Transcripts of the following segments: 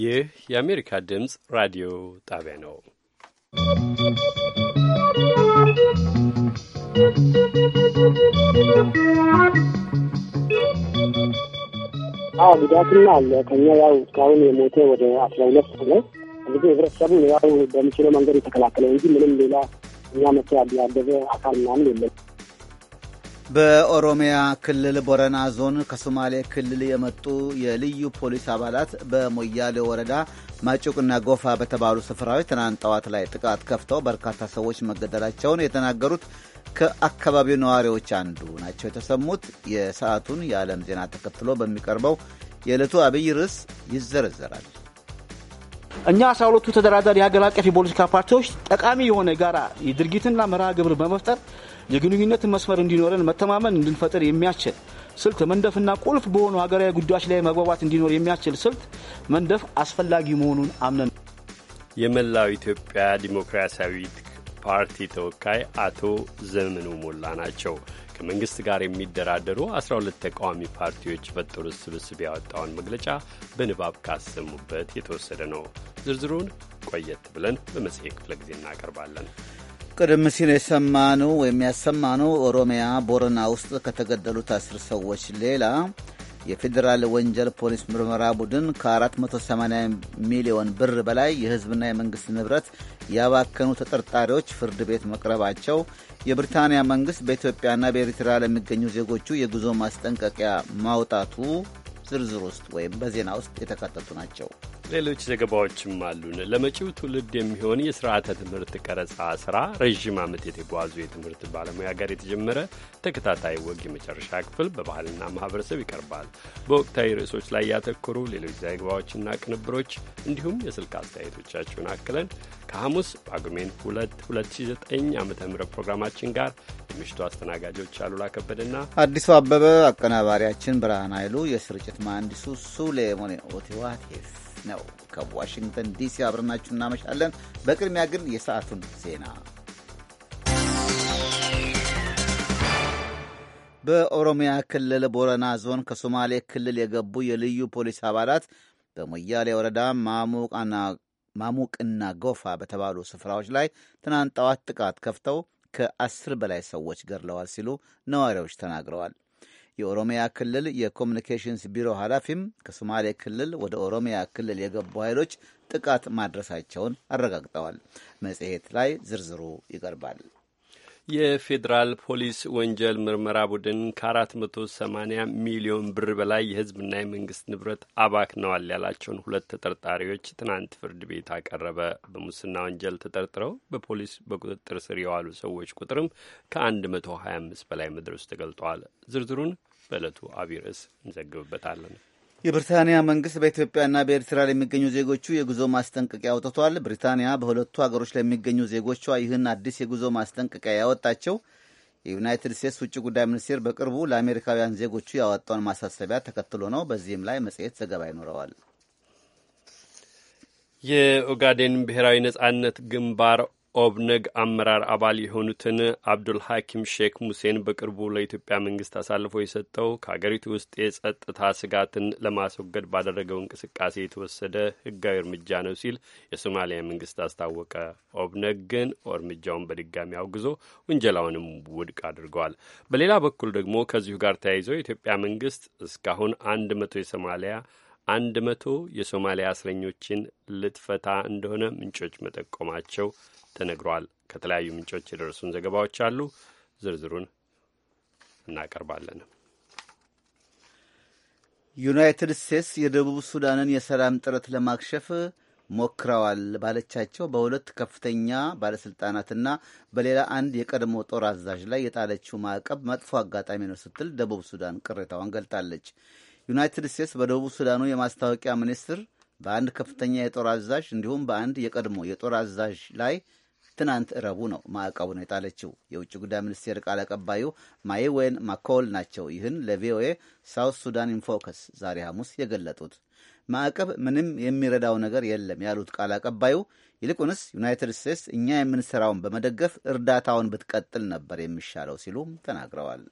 ይህ የአሜሪካ ድምፅ ራዲዮ ጣቢያ ነው። አዎ ጉዳትና አለ። ከኛ ያው እስካሁን የሞተ ወደ አስራ ሁለት ነው። እንግዲህ ህብረተሰቡን ያው በሚችለው መንገድ የተከላከለ እንጂ ምንም ሌላ እኛ መቶ ያደረ አካል ምናምን የለም። በኦሮሚያ ክልል ቦረና ዞን ከሶማሌ ክልል የመጡ የልዩ ፖሊስ አባላት በሞያሌ ወረዳ ማጭቁና ጎፋ በተባሉ ስፍራዎች ትናንት ጠዋት ላይ ጥቃት ከፍተው በርካታ ሰዎች መገደላቸውን የተናገሩት ከአካባቢው ነዋሪዎች አንዱ ናቸው የተሰሙት። የሰዓቱን የዓለም ዜና ተከትሎ በሚቀርበው የዕለቱ አብይ ርዕስ ይዘረዘራል። እኛ አስራ ሁለቱ ተደራዳሪ የሀገር አቀፍ የፖለቲካ ፓርቲዎች ጠቃሚ የሆነ ጋራ የድርጊትና መርሃ ግብር በመፍጠር የግንኙነት መስመር እንዲኖረን መተማመን እንድንፈጥር የሚያስችል ስልት መንደፍና ቁልፍ በሆኑ ሀገራዊ ጉዳዮች ላይ መግባባት እንዲኖር የሚያስችል ስልት መንደፍ አስፈላጊ መሆኑን አምነን የመላው ኢትዮጵያ ዲሞክራሲያዊ ፓርቲ ተወካይ አቶ ዘመኑ ሞላ ናቸው። ከመንግስት ጋር የሚደራደሩ 12 ተቃዋሚ ፓርቲዎች የፈጠሩት ስብስብ ያወጣውን መግለጫ በንባብ ካሰሙበት የተወሰደ ነው። ዝርዝሩን ቆየት ብለን በመጽሔት ክፍለ ጊዜ እናቀርባለን። ቀደም ሲል የሰማነው ወይም ያሰማነው ኦሮሚያ ቦረና ውስጥ ከተገደሉት አስር ሰዎች ሌላ የፌዴራል ወንጀል ፖሊስ ምርመራ ቡድን ከ480 ሚሊዮን ብር በላይ የሕዝብና የመንግሥት ንብረት ያባከኑ ተጠርጣሪዎች ፍርድ ቤት መቅረባቸው፣ የብሪታንያ መንግሥት በኢትዮጵያና በኤርትራ ለሚገኙ ዜጎቹ የጉዞ ማስጠንቀቂያ ማውጣቱ ዝርዝር ውስጥ ወይም በዜና ውስጥ የተካተቱ ናቸው። ሌሎች ዘገባዎችም አሉን። ለመጪው ትውልድ የሚሆን የስርዓተ ትምህርት ቀረጻ ስራ ረዥም ዓመት የተጓዙ የትምህርት ባለሙያ ጋር የተጀመረ ተከታታይ ወግ የመጨረሻ ክፍል በባህልና ማህበረሰብ ይቀርባል። በወቅታዊ ርዕሶች ላይ ያተኮሩ ሌሎች ዘገባዎችና ቅንብሮች እንዲሁም የስልክ አስተያየቶቻችሁን አክለን ከሐሙስ ጳጉሜን 2 2009 ዓ ም ፕሮግራማችን ጋር የምሽቱ አስተናጋጆች አሉላ ከበደና አዲሱ አበበ፣ አቀናባሪያችን ብርሃን ኃይሉ፣ የስርጭት መሐንዲሱ ሱሌሞኔ ኦቴዋቴስ ነው። ከዋሽንግተን ዲሲ አብረናችሁ እናመሻለን። በቅድሚያ ግን የሰዓቱን ዜና በኦሮሚያ ክልል ቦረና ዞን ከሶማሌ ክልል የገቡ የልዩ ፖሊስ አባላት በሞያሌ ወረዳ ማሙቅና ጎፋ በተባሉ ስፍራዎች ላይ ትናንት ጠዋት ጥቃት ከፍተው ከአስር በላይ ሰዎች ገድለዋል ሲሉ ነዋሪዎች ተናግረዋል። የኦሮሚያ ክልል የኮሚኒኬሽንስ ቢሮ ኃላፊም ከሶማሌ ክልል ወደ ኦሮሚያ ክልል የገቡ ኃይሎች ጥቃት ማድረሳቸውን አረጋግጠዋል። መጽሔት ላይ ዝርዝሩ ይቀርባል። የፌዴራል ፖሊስ ወንጀል ምርመራ ቡድን ከ480 ሚሊዮን ብር በላይ የህዝብና የመንግስት ንብረት አባክነዋል ያላቸውን ሁለት ተጠርጣሪዎች ትናንት ፍርድ ቤት አቀረበ። በሙስና ወንጀል ተጠርጥረው በፖሊስ በቁጥጥር ስር የዋሉ ሰዎች ቁጥርም ከ125 በላይ መድረሱ ተገልጠዋል። ዝርዝሩን በዕለቱ አቢይ ርዕስ እንዘግብበታለን። የብሪታንያ መንግስት በኢትዮጵያና በኤርትራ ለሚገኙ ዜጎቹ የጉዞ ማስጠንቀቂያ አውጥቷል። ብሪታንያ በሁለቱ ሀገሮች ለሚገኙ ዜጎቿ ይህን አዲስ የጉዞ ማስጠንቀቂያ ያወጣቸው የዩናይትድ ስቴትስ ውጭ ጉዳይ ሚኒስቴር በቅርቡ ለአሜሪካውያን ዜጎቹ ያወጣውን ማሳሰቢያ ተከትሎ ነው። በዚህም ላይ መጽሔት ዘገባ ይኖረዋል። የኦጋዴን ብሔራዊ ነጻነት ግንባር ኦብነግ አመራር አባል የሆኑትን አብዱል ሐኪም ሼክ ሙሴን በቅርቡ ለኢትዮጵያ መንግስት አሳልፎ የሰጠው ከሀገሪቱ ውስጥ የጸጥታ ስጋትን ለማስወገድ ባደረገው እንቅስቃሴ የተወሰደ ህጋዊ እርምጃ ነው ሲል የሶማሊያ መንግስት አስታወቀ። ኦብነግ ግን እርምጃውን በድጋሚ አውግዞ ውንጀላውንም ውድቅ አድርገዋል። በሌላ በኩል ደግሞ ከዚሁ ጋር ተያይዘው የኢትዮጵያ መንግስት እስካሁን አንድ መቶ የሶማሊያ አንድ መቶ የሶማሊያ እስረኞችን ልትፈታ እንደሆነ ምንጮች መጠቆማቸው ተነግሯል። ከተለያዩ ምንጮች የደረሱን ዘገባዎች አሉ። ዝርዝሩን እናቀርባለን። ዩናይትድ ስቴትስ የደቡብ ሱዳንን የሰላም ጥረት ለማክሸፍ ሞክረዋል ባለቻቸው በሁለት ከፍተኛ ባለስልጣናትና በሌላ አንድ የቀድሞ ጦር አዛዥ ላይ የጣለችው ማዕቀብ መጥፎ አጋጣሚ ነው ስትል ደቡብ ሱዳን ቅሬታዋን ገልጣለች። ዩናይትድ ስቴትስ በደቡብ ሱዳኑ የማስታወቂያ ሚኒስትር፣ በአንድ ከፍተኛ የጦር አዛዥ እንዲሁም በአንድ የቀድሞ የጦር አዛዥ ላይ ትናንት እረቡ ነው ማዕቀቡን የጣለችው። የውጭ ጉዳይ ሚኒስቴር ቃል አቀባዩ ማይዌን ማኮል ናቸው ይህን ለቪኦኤ ሳውት ሱዳን ኢንፎከስ ዛሬ ሐሙስ የገለጡት። ማዕቀብ ምንም የሚረዳው ነገር የለም ያሉት ቃል አቀባዩ ይልቁንስ ዩናይትድ ስቴትስ እኛ የምንሰራውን በመደገፍ እርዳታውን ብትቀጥል ነበር የሚሻለው ሲሉም ተናግረዋል።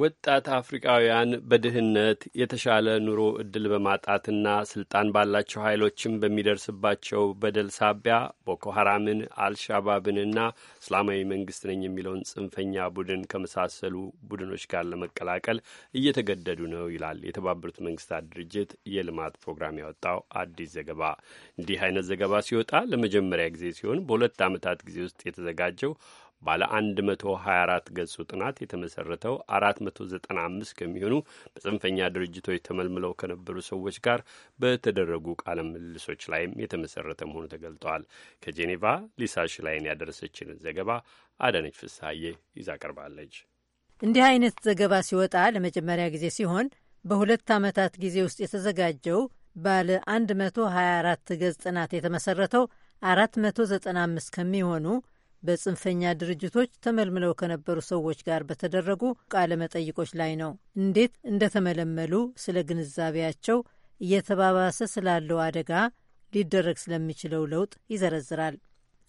ወጣት አፍሪቃውያን በድህነት የተሻለ ኑሮ እድል በማጣትና ስልጣን ባላቸው ኃይሎችም በሚደርስባቸው በደል ሳቢያ ቦኮ ሀራምን አልሻባብንና እስላማዊ መንግስት ነኝ የሚለውን ጽንፈኛ ቡድን ከመሳሰሉ ቡድኖች ጋር ለመቀላቀል እየተገደዱ ነው ይላል የተባበሩት መንግስታት ድርጅት የልማት ፕሮግራም ያወጣው አዲስ ዘገባ። እንዲህ አይነት ዘገባ ሲወጣ ለመጀመሪያ ጊዜ ሲሆን በሁለት ዓመታት ጊዜ ውስጥ የተዘጋጀው ባለ 124 ገጹ ጥናት የተመሰረተው 495 ከሚሆኑ በጽንፈኛ ድርጅቶች ተመልምለው ከነበሩ ሰዎች ጋር በተደረጉ ቃለ ምልልሶች ላይም የተመሰረተ መሆኑ ተገልጠዋል። ከጄኔቫ ሊሳ ሽላይን ያደረሰችንን ዘገባ አዳነች ፍሳሐዬ ይዛ ቀርባለች። እንዲህ አይነት ዘገባ ሲወጣ ለመጀመሪያ ጊዜ ሲሆን በሁለት ዓመታት ጊዜ ውስጥ የተዘጋጀው ባለ 124 ገጽ ጥናት የተመሰረተው 495 ከሚሆኑ በጽንፈኛ ድርጅቶች ተመልምለው ከነበሩ ሰዎች ጋር በተደረጉ ቃለ መጠይቆች ላይ ነው። እንዴት እንደተመለመሉ ስለ ግንዛቤያቸው፣ እየተባባሰ ስላለው አደጋ፣ ሊደረግ ስለሚችለው ለውጥ ይዘረዝራል።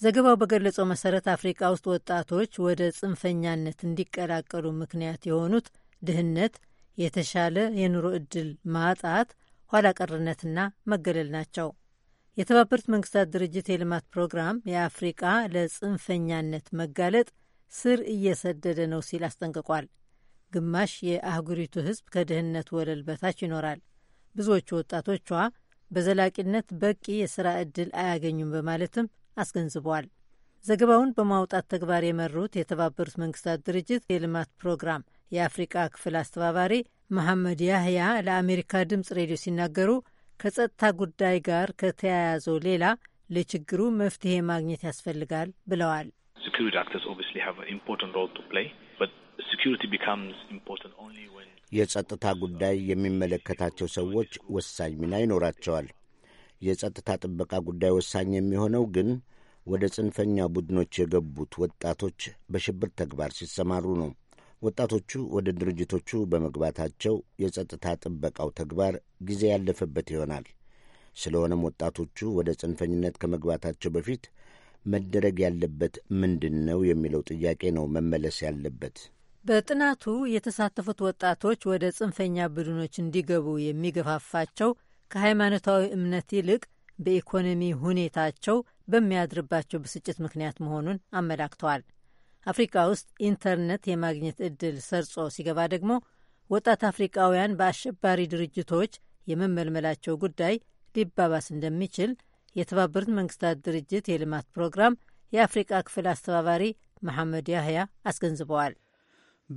ዘገባው በገለጸው መሰረት አፍሪቃ ውስጥ ወጣቶች ወደ ጽንፈኛነት እንዲቀላቀሉ ምክንያት የሆኑት ድህነት፣ የተሻለ የኑሮ ዕድል ማጣት፣ ኋላ ቀርነትና መገለል ናቸው። የተባበሩት መንግስታት ድርጅት የልማት ፕሮግራም የአፍሪቃ ለጽንፈኛነት መጋለጥ ስር እየሰደደ ነው ሲል አስጠንቅቋል። ግማሽ የአህጉሪቱ ሕዝብ ከድህነት ወለል በታች ይኖራል። ብዙዎቹ ወጣቶቿ በዘላቂነት በቂ የሥራ ዕድል አያገኙም በማለትም አስገንዝበዋል። ዘገባውን በማውጣት ተግባር የመሩት የተባበሩት መንግስታት ድርጅት የልማት ፕሮግራም የአፍሪቃ ክፍል አስተባባሪ መሐመድ ያህያ ለአሜሪካ ድምፅ ሬዲዮ ሲናገሩ ከጸጥታ ጉዳይ ጋር ከተያያዘው ሌላ ለችግሩ መፍትሄ ማግኘት ያስፈልጋል ብለዋል። የጸጥታ ጉዳይ የሚመለከታቸው ሰዎች ወሳኝ ሚና ይኖራቸዋል። የጸጥታ ጥበቃ ጉዳይ ወሳኝ የሚሆነው ግን ወደ ጽንፈኛ ቡድኖች የገቡት ወጣቶች በሽብር ተግባር ሲሰማሩ ነው። ወጣቶቹ ወደ ድርጅቶቹ በመግባታቸው የጸጥታ ጥበቃው ተግባር ጊዜ ያለፈበት ይሆናል። ስለሆነም ወጣቶቹ ወደ ጽንፈኝነት ከመግባታቸው በፊት መደረግ ያለበት ምንድን ነው የሚለው ጥያቄ ነው መመለስ ያለበት። በጥናቱ የተሳተፉት ወጣቶች ወደ ጽንፈኛ ቡድኖች እንዲገቡ የሚገፋፋቸው ከሃይማኖታዊ እምነት ይልቅ በኢኮኖሚ ሁኔታቸው በሚያድርባቸው ብስጭት ምክንያት መሆኑን አመላክተዋል። አፍሪካ ውስጥ ኢንተርኔት የማግኘት ዕድል ሰርጾ ሲገባ ደግሞ ወጣት አፍሪካውያን በአሸባሪ ድርጅቶች የመመልመላቸው ጉዳይ ሊባባስ እንደሚችል የተባበሩት መንግስታት ድርጅት የልማት ፕሮግራም የአፍሪቃ ክፍል አስተባባሪ መሐመድ ያህያ አስገንዝበዋል።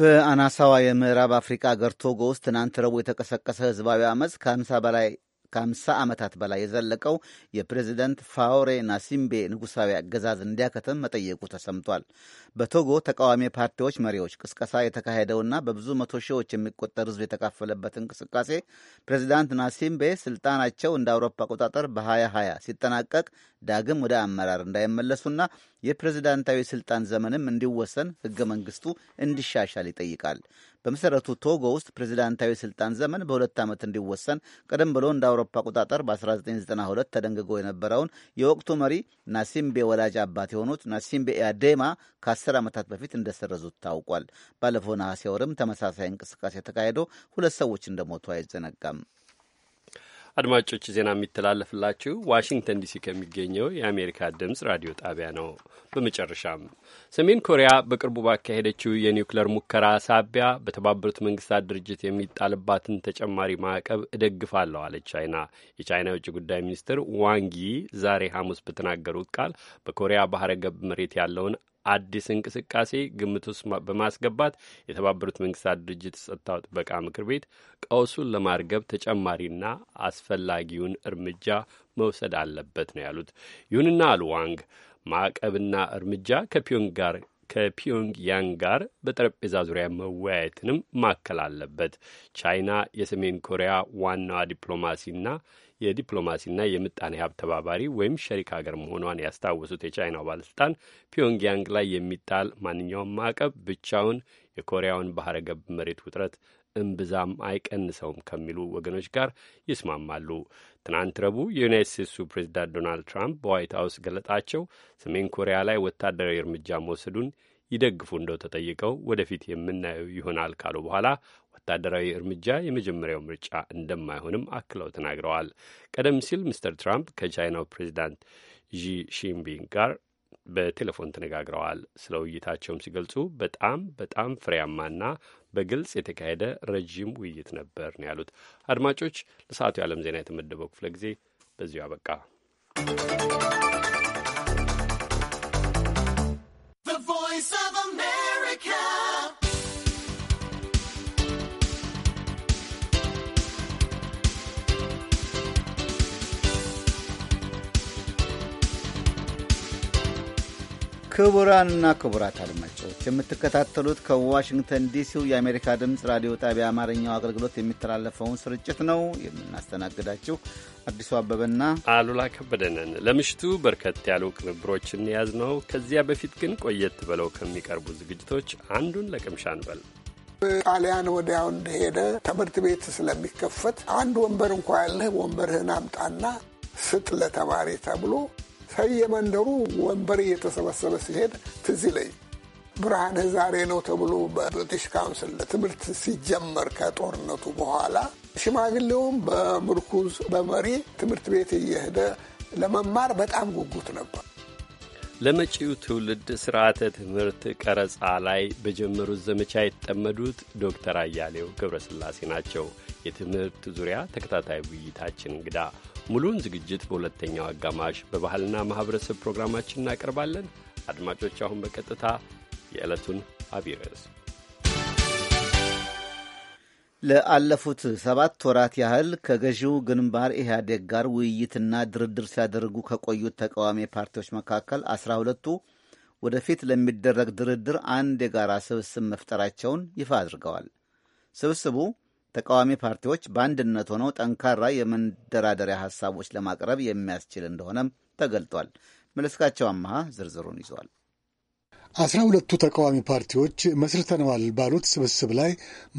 በአናሳዋ የምዕራብ አፍሪቃ አገር ቶጎ ውስጥ ትናንት ረቡዕ የተቀሰቀሰ ህዝባዊ አመፅ ከ50 በላይ ከ50 ዓመታት በላይ የዘለቀው የፕሬዚደንት ፋውሬ ናሲምቤ ንጉሳዊ አገዛዝ እንዲያከተም መጠየቁ ተሰምቷል። በቶጎ ተቃዋሚ ፓርቲዎች መሪዎች ቅስቀሳ የተካሄደውና በብዙ መቶ ሺዎች የሚቆጠር ሕዝብ የተካፈለበት እንቅስቃሴ ፕሬዚዳንት ናሲምቤ ስልጣናቸው እንደ አውሮፓ አቆጣጠር በ2020 ሲጠናቀቅ ዳግም ወደ አመራር እንዳይመለሱና የፕሬዚዳንታዊ ስልጣን ዘመንም እንዲወሰን ሕገ መንግስቱ እንዲሻሻል ይጠይቃል። በመሰረቱ ቶጎ ውስጥ ፕሬዚዳንታዊ ስልጣን ዘመን በሁለት ዓመት እንዲወሰን ቀደም ብሎ እንደ አውሮፓ አቆጣጠር በ1992 ተደንግጎ የነበረውን የወቅቱ መሪ ናሲምቤ ወላጅ አባት የሆኑት ናሲምቤ ከ10 ዓመታት በፊት እንደሰረዙት ታውቋል። ባለፈው ነሐሴ ወርም ተመሳሳይ እንቅስቃሴ ተካሂዶ ሁለት ሰዎች እንደሞቱ አይዘነጋም። አድማጮች ዜና የሚተላለፍላችሁ ዋሽንግተን ዲሲ ከሚገኘው የአሜሪካ ድምፅ ራዲዮ ጣቢያ ነው። በመጨረሻም ሰሜን ኮሪያ በቅርቡ ባካሄደችው የኒውክለር ሙከራ ሳቢያ በተባበሩት መንግስታት ድርጅት የሚጣልባትን ተጨማሪ ማዕቀብ እደግፋለሁ አለች ቻይና። የቻይና የውጭ ጉዳይ ሚኒስትር ዋንጊ ዛሬ ሐሙስ በተናገሩት ቃል በኮሪያ ባህረ ገብ መሬት ያለውን አዲስ እንቅስቃሴ ግምት ውስጥ በማስገባት የተባበሩት መንግስታት ድርጅት የጸጥታው ጥበቃ ምክር ቤት ቀውሱን ለማርገብ ተጨማሪና አስፈላጊውን እርምጃ መውሰድ አለበት ነው ያሉት። ይሁንና አሉ ዋንግ ማዕቀብና እርምጃ ከፒዮንግ ጋር ከፒዮንግ ያንግ ጋር በጠረጴዛ ዙሪያ መወያየትንም ማከል አለበት። ቻይና የሰሜን ኮሪያ ዋናዋ ዲፕሎማሲና የዲፕሎማሲና የምጣኔ ሀብት ተባባሪ ወይም ሸሪክ ሀገር መሆኗን ያስታወሱት የቻይናው ባለስልጣን ፒዮንግያንግ ላይ የሚጣል ማንኛውም ማዕቀብ ብቻውን የኮሪያውን ባህረ ገብ መሬት ውጥረት እምብዛም አይቀንሰውም ከሚሉ ወገኖች ጋር ይስማማሉ። ትናንት ረቡዕ የዩናይት ስቴትሱ ፕሬዚዳንት ዶናልድ ትራምፕ በዋይት ሀውስ ገለጣቸው ሰሜን ኮሪያ ላይ ወታደራዊ እርምጃ መውሰዱን ይደግፉ እንደው ተጠይቀው ወደፊት የምናየው ይሆናል ካሉ በኋላ ወታደራዊ እርምጃ የመጀመሪያው ምርጫ እንደማይሆንም አክለው ተናግረዋል። ቀደም ሲል ሚስተር ትራምፕ ከቻይናው ፕሬዚዳንት ዢ ሺንፒንግ ጋር በቴሌፎን ተነጋግረዋል። ስለ ውይይታቸውም ሲገልጹ በጣም በጣም ፍሬያማና በግልጽ የተካሄደ ረዥም ውይይት ነበር ነው ያሉት። አድማጮች፣ ለሰዓቱ የዓለም ዜና የተመደበው ክፍለ ጊዜ በዚሁ አበቃ። ክቡራንና ክቡራት አድማጮች የምትከታተሉት ከዋሽንግተን ዲሲው የአሜሪካ ድምፅ ራዲዮ ጣቢያ አማርኛው አገልግሎት የሚተላለፈውን ስርጭት ነው። የምናስተናግዳችሁ አዲሱ አበበና አሉላ ከበደንን። ለምሽቱ በርከት ያሉ ቅንብሮችን የያዝ ነው። ከዚያ በፊት ግን ቆየት ብለው ከሚቀርቡ ዝግጅቶች አንዱን ለቅምሻ እንበል። ጣሊያን ወዲያው እንደሄደ ትምህርት ቤት ስለሚከፈት አንድ ወንበር እንኳ ያለህ ወንበርህን አምጣና ስጥ ለተማሪ ተብሎ ከየመንደሩ ወንበር እየተሰበሰበ ሲሄድ ትዝ ይለኝ ብርሃነ ዛሬ ነው ተብሎ በብሪቲሽ ካውንስል ትምህርት ሲጀመር ከጦርነቱ በኋላ ሽማግሌውም በምርኩዝ በመሪ ትምህርት ቤት እየሄደ ለመማር በጣም ጉጉት ነበር። ለመጪው ትውልድ ስርዓተ ትምህርት ቀረጻ ላይ በጀመሩት ዘመቻ የተጠመዱት ዶክተር አያሌው ገብረስላሴ ናቸው። የትምህርት ዙሪያ ተከታታይ ውይይታችን እንግዳ ሙሉውን ዝግጅት በሁለተኛው አጋማሽ በባህልና ማኅበረሰብ ፕሮግራማችን እናቀርባለን። አድማጮች፣ አሁን በቀጥታ የዕለቱን አብይ ርዕስ ለአለፉት ሰባት ወራት ያህል ከገዢው ግንባር ኢህአዴግ ጋር ውይይትና ድርድር ሲያደርጉ ከቆዩት ተቃዋሚ ፓርቲዎች መካከል አስራ ሁለቱ ወደፊት ለሚደረግ ድርድር አንድ የጋራ ስብስብ መፍጠራቸውን ይፋ አድርገዋል። ስብስቡ ተቃዋሚ ፓርቲዎች በአንድነት ሆነው ጠንካራ የመንደራደሪያ ሀሳቦች ለማቅረብ የሚያስችል እንደሆነም ተገልጧል። መለስካቸው አመሃ ዝርዝሩን ይዟል። አስራ ሁለቱ ተቃዋሚ ፓርቲዎች መስርተነዋል ባሉት ስብስብ ላይ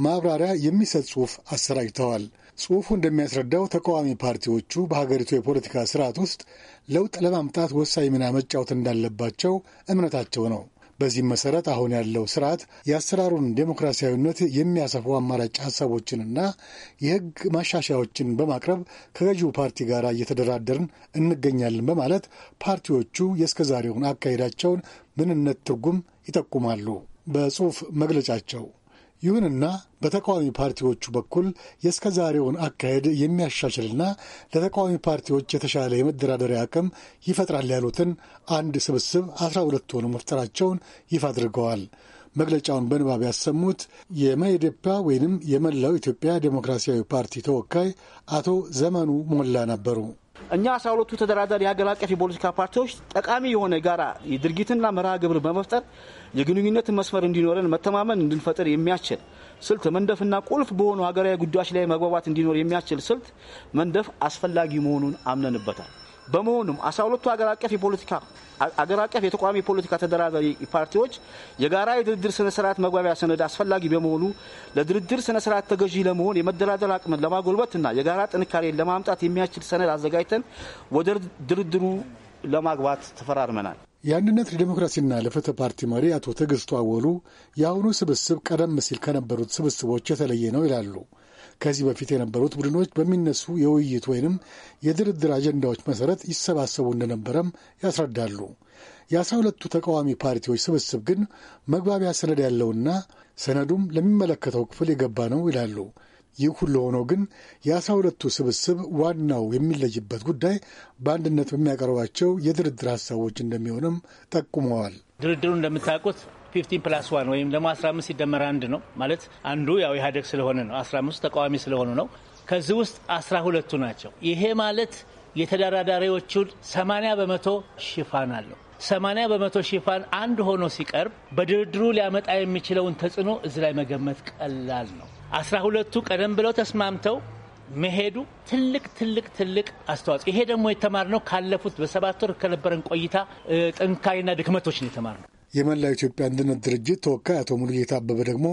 ማብራሪያ የሚሰጥ ጽሑፍ አሰራጅተዋል። ጽሑፉ እንደሚያስረዳው ተቃዋሚ ፓርቲዎቹ በሀገሪቱ የፖለቲካ ስርዓት ውስጥ ለውጥ ለማምጣት ወሳኝ ሚና መጫወት እንዳለባቸው እምነታቸው ነው። በዚህም መሰረት አሁን ያለው ስርዓት የአሰራሩን ዴሞክራሲያዊነት የሚያሰፉ አማራጭ ሀሳቦችንና የህግ ማሻሻያዎችን በማቅረብ ከገዢው ፓርቲ ጋር እየተደራደርን እንገኛለን በማለት ፓርቲዎቹ የእስከዛሬውን አካሄዳቸውን ምንነት ትርጉም ይጠቁማሉ። በጽሑፍ መግለጫቸው ይሁንና በተቃዋሚ ፓርቲዎቹ በኩል የእስከ ዛሬውን አካሄድ የሚያሻሽልና ለተቃዋሚ ፓርቲዎች የተሻለ የመደራደሪያ አቅም ይፈጥራል ያሉትን አንድ ስብስብ አስራ ሁለት ሆኑ መፍጠራቸውን ይፋ አድርገዋል። መግለጫውን በንባብ ያሰሙት የመኢዴፓ ወይንም የመላው ኢትዮጵያ ዴሞክራሲያዊ ፓርቲ ተወካይ አቶ ዘመኑ ሞላ ነበሩ። እኛ አስራ ሁለቱ ተደራዳሪ የሀገር አቀፍ የፖለቲካ ፓርቲዎች ጠቃሚ የሆነ ጋራ የድርጊትና መርሃ ግብር በመፍጠር የግንኙነትን መስመር እንዲኖረን መተማመን እንድንፈጥር የሚያስችል ስልት መንደፍና ቁልፍ በሆኑ ሀገራዊ ጉዳዮች ላይ መግባባት እንዲኖር የሚያስችል ስልት መንደፍ አስፈላጊ መሆኑን አምነንበታል። በመሆኑም አስራ ሁለቱ ሀገር አቀፍ የፖለቲካ አገር አቀፍ የተቋሚ የፖለቲካ ተደራዳሪ ፓርቲዎች የጋራ የድርድር ስነ ስርዓት መግባቢያ ሰነድ አስፈላጊ በመሆኑ ለድርድር ስነ ስርዓት ተገዢ ለመሆን የመደራደር አቅምን ለማጎልበትና የጋራ ጥንካሬን ለማምጣት የሚያስችል ሰነድ አዘጋጅተን ወደ ድርድሩ ለማግባት ተፈራርመናል። የአንድነት ለዲሞክራሲና ለፍትህ ፓርቲ መሪ አቶ ትዕግስቱ አወሉ የአሁኑ ስብስብ ቀደም ሲል ከነበሩት ስብስቦች የተለየ ነው ይላሉ። ከዚህ በፊት የነበሩት ቡድኖች በሚነሱ የውይይት ወይንም የድርድር አጀንዳዎች መሰረት ይሰባሰቡ እንደነበረም ያስረዳሉ። የአስራ ሁለቱ ተቃዋሚ ፓርቲዎች ስብስብ ግን መግባቢያ ሰነድ ያለውና ሰነዱም ለሚመለከተው ክፍል የገባ ነው ይላሉ። ይህ ሁሉ ሆኖ ግን የአስራ ሁለቱ ስብስብ ዋናው የሚለይበት ጉዳይ በአንድነት በሚያቀርባቸው የድርድር ሀሳቦች እንደሚሆንም ጠቁመዋል። ድርድሩ እንደምታውቁት ፊፍቲን ፕላስ ዋን ወይም ደግሞ 15 ሲደመር አንድ ነው ማለት አንዱ ያው ኢህአዴግ ስለሆነ ነው። 15 ተቃዋሚ ስለሆኑ ነው። ከዚህ ውስጥ 12ቱ ናቸው። ይሄ ማለት የተደራዳሪዎቹን 80 በመቶ ሽፋን አለው። 80 በመቶ ሽፋን አንድ ሆኖ ሲቀርብ በድርድሩ ሊያመጣ የሚችለውን ተጽዕኖ እዚህ ላይ መገመት ቀላል ነው። 12ቱ ቀደም ብለው ተስማምተው መሄዱ ትልቅ ትልቅ ትልቅ አስተዋጽኦ። ይሄ ደግሞ የተማርነው ካለፉት በሰባት ወር ከነበረን ቆይታ ጥንካሬና ድክመቶች ነው የተማርነው። የመላው ኢትዮጵያ አንድነት ድርጅት ተወካይ አቶ ሙሉጌታ አበበ ደግሞ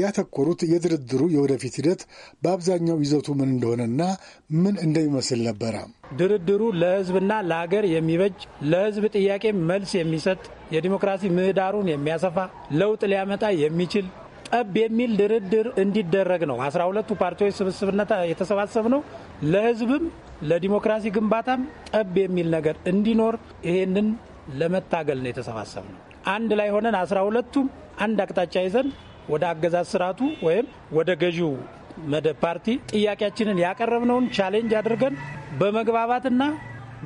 ያተኮሩት የድርድሩ የወደፊት ሂደት በአብዛኛው ይዘቱ ምን እንደሆነና ምን እንደሚመስል ነበረ። ድርድሩ ለሕዝብና ለሀገር የሚበጅ ለሕዝብ ጥያቄ መልስ የሚሰጥ የዲሞክራሲ ምህዳሩን የሚያሰፋ ለውጥ ሊያመጣ የሚችል ጠብ የሚል ድርድር እንዲደረግ ነው። አስራ ሁለቱ ፓርቲዎች ስብስብነት የተሰባሰብ ነው። ለሕዝብም ለዲሞክራሲ ግንባታም ጠብ የሚል ነገር እንዲኖር ይሄንን ለመታገል ነው የተሰባሰብ ነው። አንድ ላይ ሆነን አስራ ሁለቱም አንድ አቅጣጫ ይዘን ወደ አገዛዝ ስርዓቱ ወይም ወደ ገዢው መደብ ፓርቲ ጥያቄያችንን ያቀረብነውን ቻሌንጅ አድርገን በመግባባትና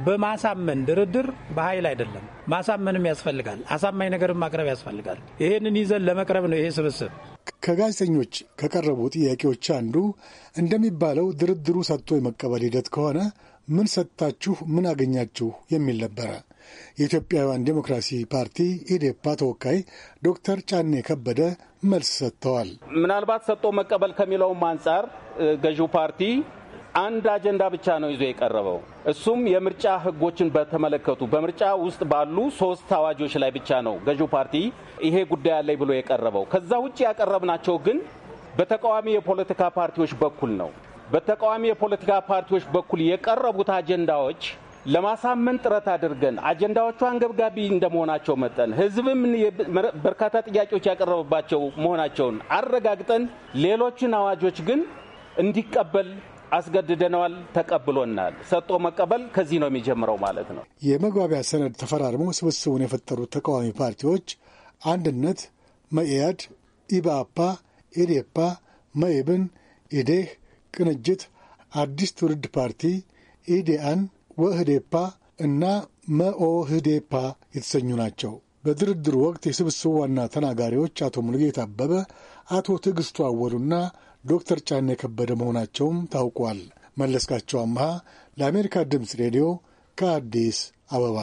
በማሳመን ድርድር በኃይል አይደለም። ማሳመንም ያስፈልጋል። አሳማኝ ነገርም ማቅረብ ያስፈልጋል። ይህንን ይዘን ለመቅረብ ነው ይሄ ስብስብ። ከጋዜጠኞች ከቀረቡ ጥያቄዎች አንዱ እንደሚባለው ድርድሩ ሰጥቶ የመቀበል ሂደት ከሆነ ምን ሰጥታችሁ ምን አገኛችሁ የሚል ነበረ። የኢትዮጵያውያን ዴሞክራሲ ፓርቲ ኢዴፓ ተወካይ ዶክተር ጫኔ ከበደ መልስ ሰጥተዋል። ምናልባት ሰጥቶ መቀበል ከሚለውም አንጻር ገዢው ፓርቲ አንድ አጀንዳ ብቻ ነው ይዞ የቀረበው። እሱም የምርጫ ሕጎችን በተመለከቱ በምርጫ ውስጥ ባሉ ሶስት አዋጆች ላይ ብቻ ነው ገዢው ፓርቲ ይሄ ጉዳይ አለኝ ብሎ የቀረበው። ከዛ ውጭ ያቀረብናቸው ግን በተቃዋሚ የፖለቲካ ፓርቲዎች በኩል ነው። በተቃዋሚ የፖለቲካ ፓርቲዎች በኩል የቀረቡት አጀንዳዎች ለማሳመን ጥረት አድርገን አጀንዳዎቹ አንገብጋቢ እንደመሆናቸው መጠን ህዝብም በርካታ ጥያቄዎች ያቀረበባቸው መሆናቸውን አረጋግጠን ሌሎችን አዋጆች ግን እንዲቀበል አስገድደነዋል። ተቀብሎናል። ሰጥቶ መቀበል ከዚህ ነው የሚጀምረው ማለት ነው። የመግባቢያ ሰነድ ተፈራርሞ ስብስቡን የፈጠሩት ተቃዋሚ ፓርቲዎች አንድነት፣ መኢአድ፣ ኢባፓ፣ ኢዴፓ፣ መኢብን፣ ኢዴህ፣ ቅንጅት፣ አዲስ ትውልድ ፓርቲ፣ ኢዴአን ወህዴፓ እና መኦህዴፓ የተሰኙ ናቸው። በድርድር ወቅት የስብስቡ ዋና ተናጋሪዎች አቶ ሙሉጌታ አበበ፣ አቶ ትዕግስቱ አወሉና ዶክተር ጫኔ የከበደ መሆናቸውም ታውቋል። መለስካቸው አምሃ ለአሜሪካ ድምፅ ሬዲዮ ከአዲስ አበባ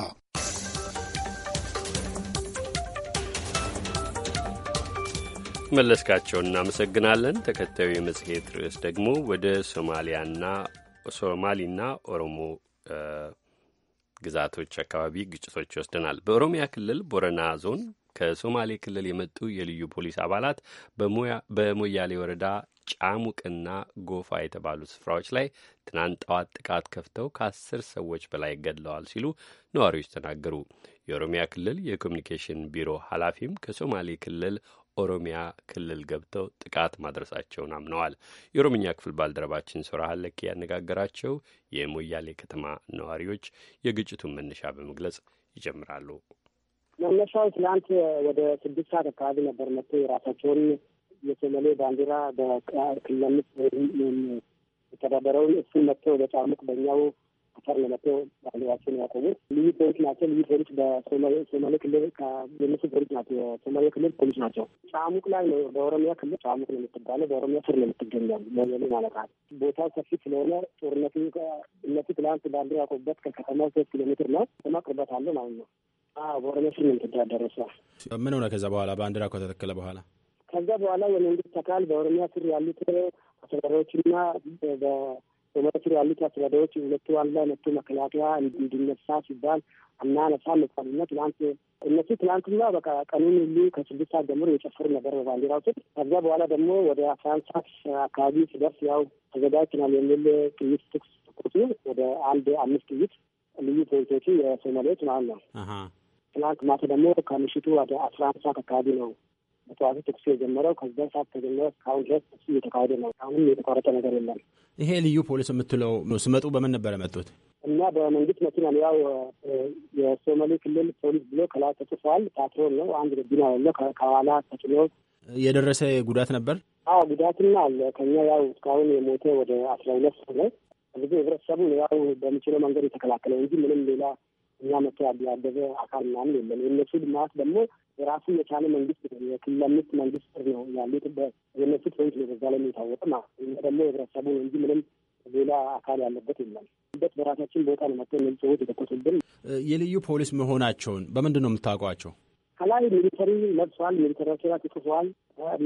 መለስካቸው እናመሰግናለን። ተከታዩ የመጽሔት ርዕስ ደግሞ ወደ ሶማሊያና ሶማሊና ኦሮሞ ግዛቶች አካባቢ ግጭቶች ይወስደናል። በኦሮሚያ ክልል ቦረና ዞን ከሶማሌ ክልል የመጡ የልዩ ፖሊስ አባላት በሞያሌ ወረዳ ጫሙቅና ጎፋ የተባሉ ስፍራዎች ላይ ትናንት ጠዋት ጥቃት ከፍተው ከአስር ሰዎች በላይ ገድለዋል ሲሉ ነዋሪዎች ተናገሩ። የኦሮሚያ ክልል የኮሚኒኬሽን ቢሮ ኃላፊም ከሶማሌ ክልል ኦሮሚያ ክልል ገብተው ጥቃት ማድረሳቸውን አምነዋል። የኦሮምኛ ክፍል ባልደረባችን ሶራ ሀለኬ ያነጋገራቸው የሞያሌ ከተማ ነዋሪዎች የግጭቱን መነሻ በመግለጽ ይጀምራሉ። መነሻው ትላንት ወደ ስድስት ሰዓት አካባቢ ነበር መጥቶ የራሳቸውን የሶማሌ ባንዲራ በክልል አምስት የተዳደረውን እሱን መጥቶ በጫሙቅ በእኛው ቁጥር ለመቶ ባንዲራቸውን ያቆሙት ልዩ ፖሊስ ናቸው። ልዩ ፖሊስ በሶማሌ ክልል የነሱ ፖሊስ ናቸው። የሶማሌ ክልል ፖሊስ ናቸው። ጫሙቅ ላይ ነው። በኦሮሚያ ክልል ጫሙቅ ነው የምትባለው። በኦሮሚያ ስር ነው የምትገኛል። ሞያሌ ማለት ነው። ቦታው ሰፊ ስለሆነ ጦርነቱ እነሱ ትላንት ባንዲራ ያቆሙበት ከከተማው ሶስት ኪሎ ሜትር ነው። ከተማ ቅርበት አለ ማለት ነው። በኦሮሚያ ስር ነው የምትዳደረ ምን ሆነ ከዛ በኋላ ባንዲራ ከተተከለ በኋላ ከዛ በኋላ የመንግስት አካል በኦሮሚያ ስር ያሉት አስተዳዳሪዎችና በመሬቱ ያሉት አስተዳደሮች ሁለቱ ዋና ሁለቱ መከላከያ እንዲነሳ ሲባል እና ነሳ ነጻነት ትናንት እነሱ ትላንትና በቃ ቀኑን ሁሉ ከስድስት ሰዓት ጀምሮ የጨፈሩ ነበር በባንዲራው ስር። ከዚያ በኋላ ደግሞ ወደ አስራ አንድ ሰዓት አካባቢ ሲደርስ ያው ተዘጋጅተናል የሚል ጥይት ትኩስ ቁጡ ወደ አንድ አምስት ጥይት ልዩ ፖሊሶቹ የሶማሌዎች ማለት ነው። ትላንት ማታ ደግሞ ከምሽቱ ወደ አስራ አንድ ሰዓት አካባቢ ነው ጠዋቱ ተኩሱ የጀመረው ከዛ ሰዓት ተጀመረ እስካሁን ድረስ ተኩሱ እየተካሄደ ነው። አሁንም የተቋረጠ ነገር የለም። ይሄ ልዩ ፖሊስ የምትለው ስመጡ በምን ነበረ መጡት? እና በመንግስት መኪና ነው። ያው የሶማሌ ክልል ፖሊስ ብሎ ከላይ ተጽፏል። ፓትሮል ነው። አንድ መኪና ያለው ከኋላ ተጭኖ የደረሰ ጉዳት ነበር። አዎ ጉዳትና አለ። ከኛ ያው እስካሁን የሞተ ወደ አስራ ሁለት ሰው ነው። ብዙ ህብረተሰቡ ያው በሚችለው መንገድ የተከላከለ እንጂ ምንም ሌላ እኛ መቶ ያደገ አካል ምናምን የለም። የእነሱ ልማት ደግሞ የራሱ የቻለ መንግስት የክልል አምስት መንግስት ስር ነው ያሉት የእነሱ ሰዎች ነው በዛ ላይ የሚታወቀ ማለት ነው። ደግሞ የህብረተሰቡ ነው እንጂ ምንም ሌላ አካል ያለበት የለም። በት በራሳችን ቦታ ነው መጥተው እነዚህ ሰዎች የተቆሱብን። የልዩ ፖሊስ መሆናቸውን በምንድን ነው የምታውቋቸው? ከላይ ሚሊተሪ ለብሷል፣ ሚሊተሪ ሴራት ይጽፏል።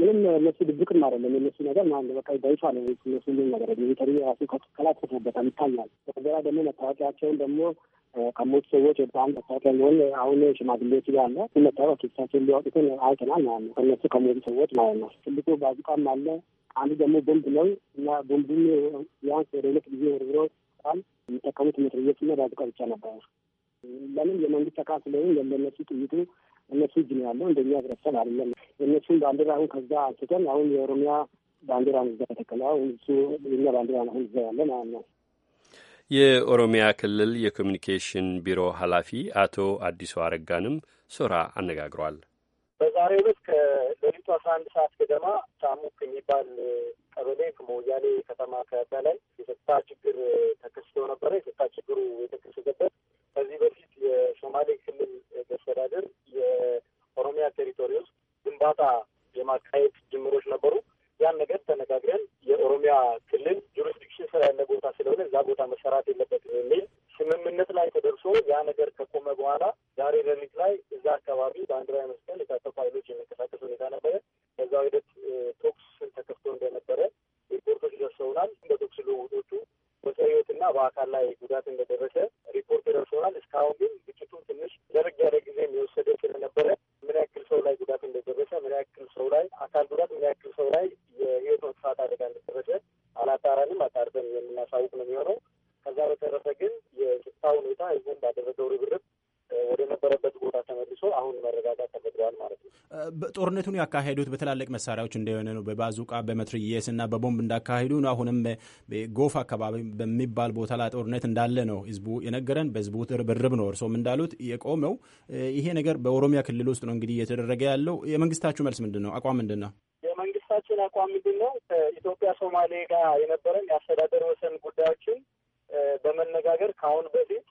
ምንም እነሱ ድብቅም አይደለም የነሱ ነገር ማለት በቃ በይፋ ነው እነሱ ሁሉም ነገር ሚሊተሪ ራሱ ከላይ ጽፎበታል፣ ይታያል። በገራ ደግሞ መታወቂያቸውን ደግሞ ከሞቱ ሰዎች ወደ አንድ መታወቂያ ሊሆን አሁን ሽማግሌዎች ያለ መታወቂያ ኪሳቸውን ሊያወጡትን አይተናል ማለት ነው። ከነሱ ከሞቱ ሰዎች ማለት ነው። ትልቁ ባዙቃም አለ። አንዱ ደግሞ ቦምብ ነው እና ቦምቡም ቢያንስ ወደ ሁለት ጊዜ ወርብሮ ቃል የሚጠቀሙት ምትርየት እና ባዙቃ ብቻ ነበር። ለምን የመንግስት አካል ስለሆኑ ለእነሱ ጥይቱ እነሱ እጅ ነው ያለው። እንደኛ ህብረተሰብ አይደለም። የእነሱን ባንዲራ አሁን ከዛ አንስተን አሁን የኦሮሚያ ባንዲራ ነው እዛ ተተከለ። አሁን እሱ የኛ ባንዲራ አሁን እዛ ያለ ማለት ነው። የኦሮሚያ ክልል የኮሚኒኬሽን ቢሮ ኃላፊ አቶ አዲሱ አረጋንም ሶራ አነጋግሯል። በዛሬ ዕለት ከሌሊቱ አስራ አንድ ሰዓት ገደማ ሳሙክ የሚባል ቀበሌ ከሞያሌ ከተማ ላይ የጸጥታ ችግር ተከስቶ ነበረ። የጸጥታ ችግሩ የተከሰተበት ከዚህ በፊት የሶማሌ ክልል መስተዳደር የኦሮሚያ ቴሪቶሪ ውስጥ ግንባታ የማካሄድ ጅምሮች ነበሩ። ያን ነገር ተነጋግረን የኦሮሚያ ክልል ጁሪስዲክሽን ስራ ያለ ቦታ ስለሆነ እዛ ቦታ መሰራት የለበትም የሚል ስምምነት ላይ ተደርሶ ያ ነገር ከቆመ በኋላ ዛሬ ሌሊት ላይ እዛ አካባቢ ባንዲራ መስቀል የታጠቁ ኃይሎች የሚንቀሳቀስ ሁኔታ ነበረ። ከዛ ወደ እስካሁን ያካሄዱት በትላልቅ መሳሪያዎች እንደሆነ ነው። በባዙቃ በመትርየስ እና በቦምብ እንዳካሄዱ ነው። አሁንም ጎፍ አካባቢ በሚባል ቦታ ላይ ጦርነት እንዳለ ነው ህዝቡ የነገረን። በህዝቡ ርብርብ ነው እርሶም እንዳሉት የቆመው ይሄ ነገር በኦሮሚያ ክልል ውስጥ ነው እንግዲህ እየተደረገ ያለው። የመንግስታችሁ መልስ ምንድን ነው? አቋም ምንድን ነው? የመንግስታችን አቋም ምንድን ነው? ከኢትዮጵያ ሶማሌ ጋር የነበረን የአስተዳደር ወሰን ጉዳዮችን በመነጋገር ከአሁን በፊት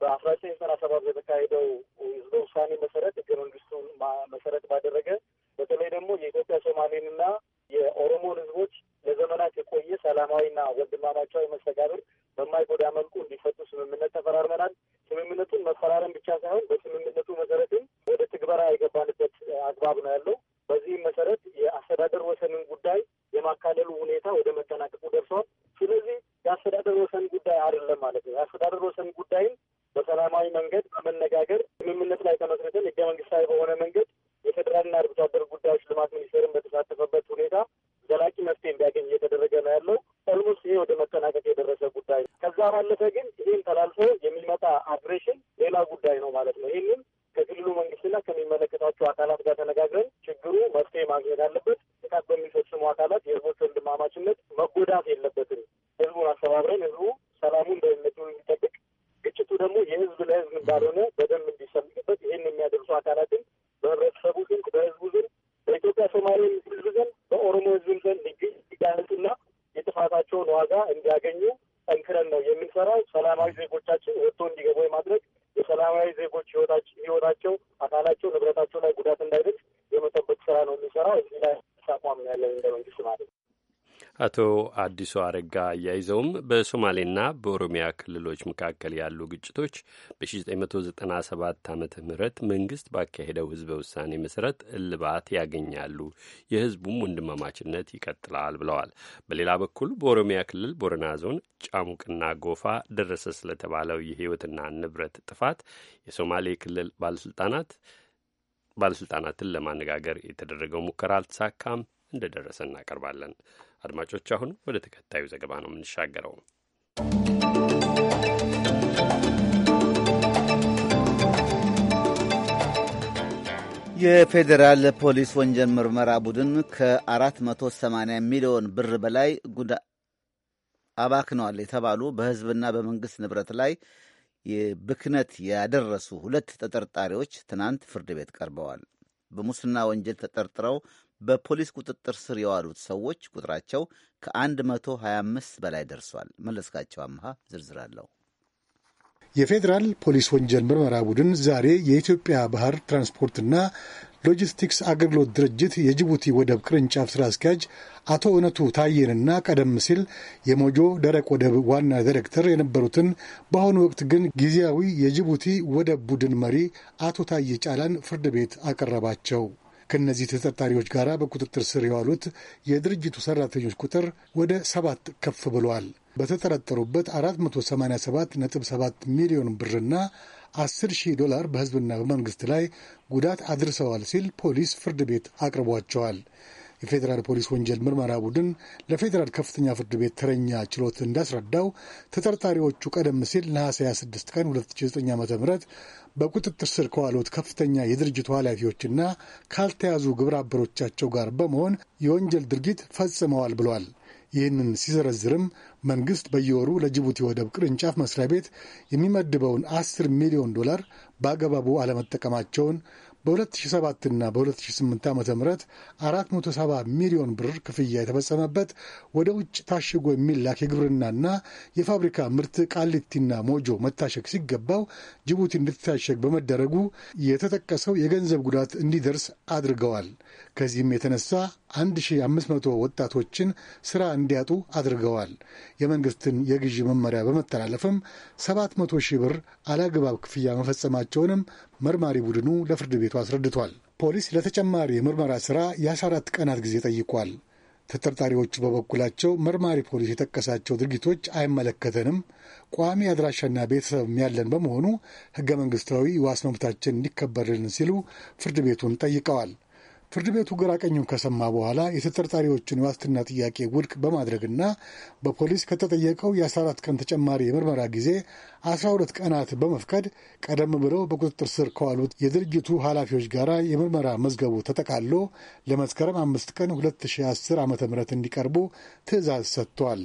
በአስራ ዘጠኝ ዘጠና ሰባት በተካሄደው ህዝበ ውሳኔ መሰረት ህገ መንግስቱን መሰረት ባደረገ በተለይ ደግሞ የኢትዮጵያ ሶማሌንና የኦሮሞን ህዝቦች ለዘመናት የቆየ ሰላማዊና ወንድማማቻዊ መስተጋብር በማይጎዳ መልኩ እንዲፈቱ ስምምነት ተፈራርመናል። ስምምነቱን መፈራረም ብቻ ሳይሆን በስምምነቱ መሰረትም ወደ ትግበራ የገባንበት አግባብ ነው ያለው። በዚህም መሰረት የአስተዳደር ወሰንን ጉዳይ የማካለሉ ሁኔታ ወደ መጠናቀቁ ደርሷል። ስለዚህ የአስተዳደር ወሰን ጉዳይ አይደለም ማለት ነው። የአስተዳደር ወሰን ጉዳይም በሰላማዊ መንገድ በመነጋገር አቶ አዲሱ አረጋ አያይዘውም በሶማሌና በኦሮሚያ ክልሎች መካከል ያሉ ግጭቶች በ1997 ዓመተ ምህረት መንግስት ባካሄደው ህዝበ ውሳኔ መሰረት እልባት ያገኛሉ፣ የህዝቡም ወንድማማችነት ይቀጥላል ብለዋል። በሌላ በኩል በኦሮሚያ ክልል ቦረና ዞን ጫሙቅና ጎፋ ደረሰ ስለተባለው የህይወትና ንብረት ጥፋት የሶማሌ ክልል ባለስልጣናት ባለስልጣናትን ለማነጋገር የተደረገው ሙከራ አልተሳካም። እንደደረሰ እናቀርባለን። አድማጮች፣ አሁን ወደ ተከታዩ ዘገባ ነው የምንሻገረው። የፌዴራል ፖሊስ ወንጀል ምርመራ ቡድን ከ480 ሚሊዮን ብር በላይ ጉዳ አባክነዋል የተባሉ በሕዝብና በመንግሥት ንብረት ላይ ብክነት ያደረሱ ሁለት ተጠርጣሪዎች ትናንት ፍርድ ቤት ቀርበዋል። በሙስና ወንጀል ተጠርጥረው በፖሊስ ቁጥጥር ስር የዋሉት ሰዎች ቁጥራቸው ከ125 በላይ ደርሷል። መለስካቸው አምሃ ዝርዝር አለው። የፌዴራል ፖሊስ ወንጀል ምርመራ ቡድን ዛሬ የኢትዮጵያ ባህር ትራንስፖርትና ሎጂስቲክስ አገልግሎት ድርጅት የጅቡቲ ወደብ ቅርንጫፍ ስራ አስኪያጅ አቶ እውነቱ ታየንና ቀደም ሲል የሞጆ ደረቅ ወደብ ዋና ዲሬክተር የነበሩትን በአሁኑ ወቅት ግን ጊዜያዊ የጅቡቲ ወደብ ቡድን መሪ አቶ ታዬ ጫላን ፍርድ ቤት አቀረባቸው። ከእነዚህ ተጠርጣሪዎች ጋር በቁጥጥር ስር የዋሉት የድርጅቱ ሰራተኞች ቁጥር ወደ ሰባት ከፍ ብሏል። በተጠረጠሩበት 487.7 ሚሊዮን ብርና 10 ሺህ ዶላር በሕዝብና በመንግሥት ላይ ጉዳት አድርሰዋል ሲል ፖሊስ ፍርድ ቤት አቅርቧቸዋል። የፌዴራል ፖሊስ ወንጀል ምርመራ ቡድን ለፌዴራል ከፍተኛ ፍርድ ቤት ተረኛ ችሎት እንዳስረዳው ተጠርጣሪዎቹ ቀደም ሲል ነሐሴ 26 ቀን 2009 ዓ ም በቁጥጥር ስር ከዋሉት ከፍተኛ የድርጅቱ ኃላፊዎችና ካልተያዙ ግብረ አበሮቻቸው ጋር በመሆን የወንጀል ድርጊት ፈጽመዋል ብሏል። ይህንን ሲዘረዝርም መንግስት በየወሩ ለጅቡቲ ወደብ ቅርንጫፍ መስሪያ ቤት የሚመድበውን አስር ሚሊዮን ዶላር በአገባቡ አለመጠቀማቸውን በ2007ና በ2008 ዓ ም 470 ሚሊዮን ብር ክፍያ የተፈጸመበት ወደ ውጭ ታሽጎ የሚላክ የግብርናና የፋብሪካ ምርት ቃሊቲና ሞጆ መታሸግ ሲገባው ጅቡቲ እንድትታሸግ በመደረጉ የተጠቀሰው የገንዘብ ጉዳት እንዲደርስ አድርገዋል። ከዚህም የተነሳ 1500 ወጣቶችን ስራ እንዲያጡ አድርገዋል። የመንግስትን የግዢ መመሪያ በመተላለፍም 700 ሺህ ብር አላግባብ ክፍያ መፈጸማቸውንም መርማሪ ቡድኑ ለፍርድ ቤቱ አስረድቷል። ፖሊስ ለተጨማሪ የምርመራ ስራ የ14 ቀናት ጊዜ ጠይቋል። ተጠርጣሪዎቹ በበኩላቸው መርማሪ ፖሊስ የጠቀሳቸው ድርጊቶች አይመለከተንም፣ ቋሚ አድራሻና ቤተሰብም ያለን በመሆኑ ህገ መንግስታዊ ዋስ መብታችን እንዲከበርልን ሲሉ ፍርድ ቤቱን ጠይቀዋል። ፍርድ ቤቱ ግራ ቀኙን ከሰማ በኋላ የተጠርጣሪዎችን የዋስትና ጥያቄ ውድቅ በማድረግና በፖሊስ ከተጠየቀው የ14 ቀን ተጨማሪ የምርመራ ጊዜ 12 ቀናት በመፍቀድ ቀደም ብለው በቁጥጥር ስር ከዋሉት የድርጅቱ ኃላፊዎች ጋር የምርመራ መዝገቡ ተጠቃሎ ለመስከረም 5 ቀን 2010 ዓ ም እንዲቀርቡ ትዕዛዝ ሰጥቷል።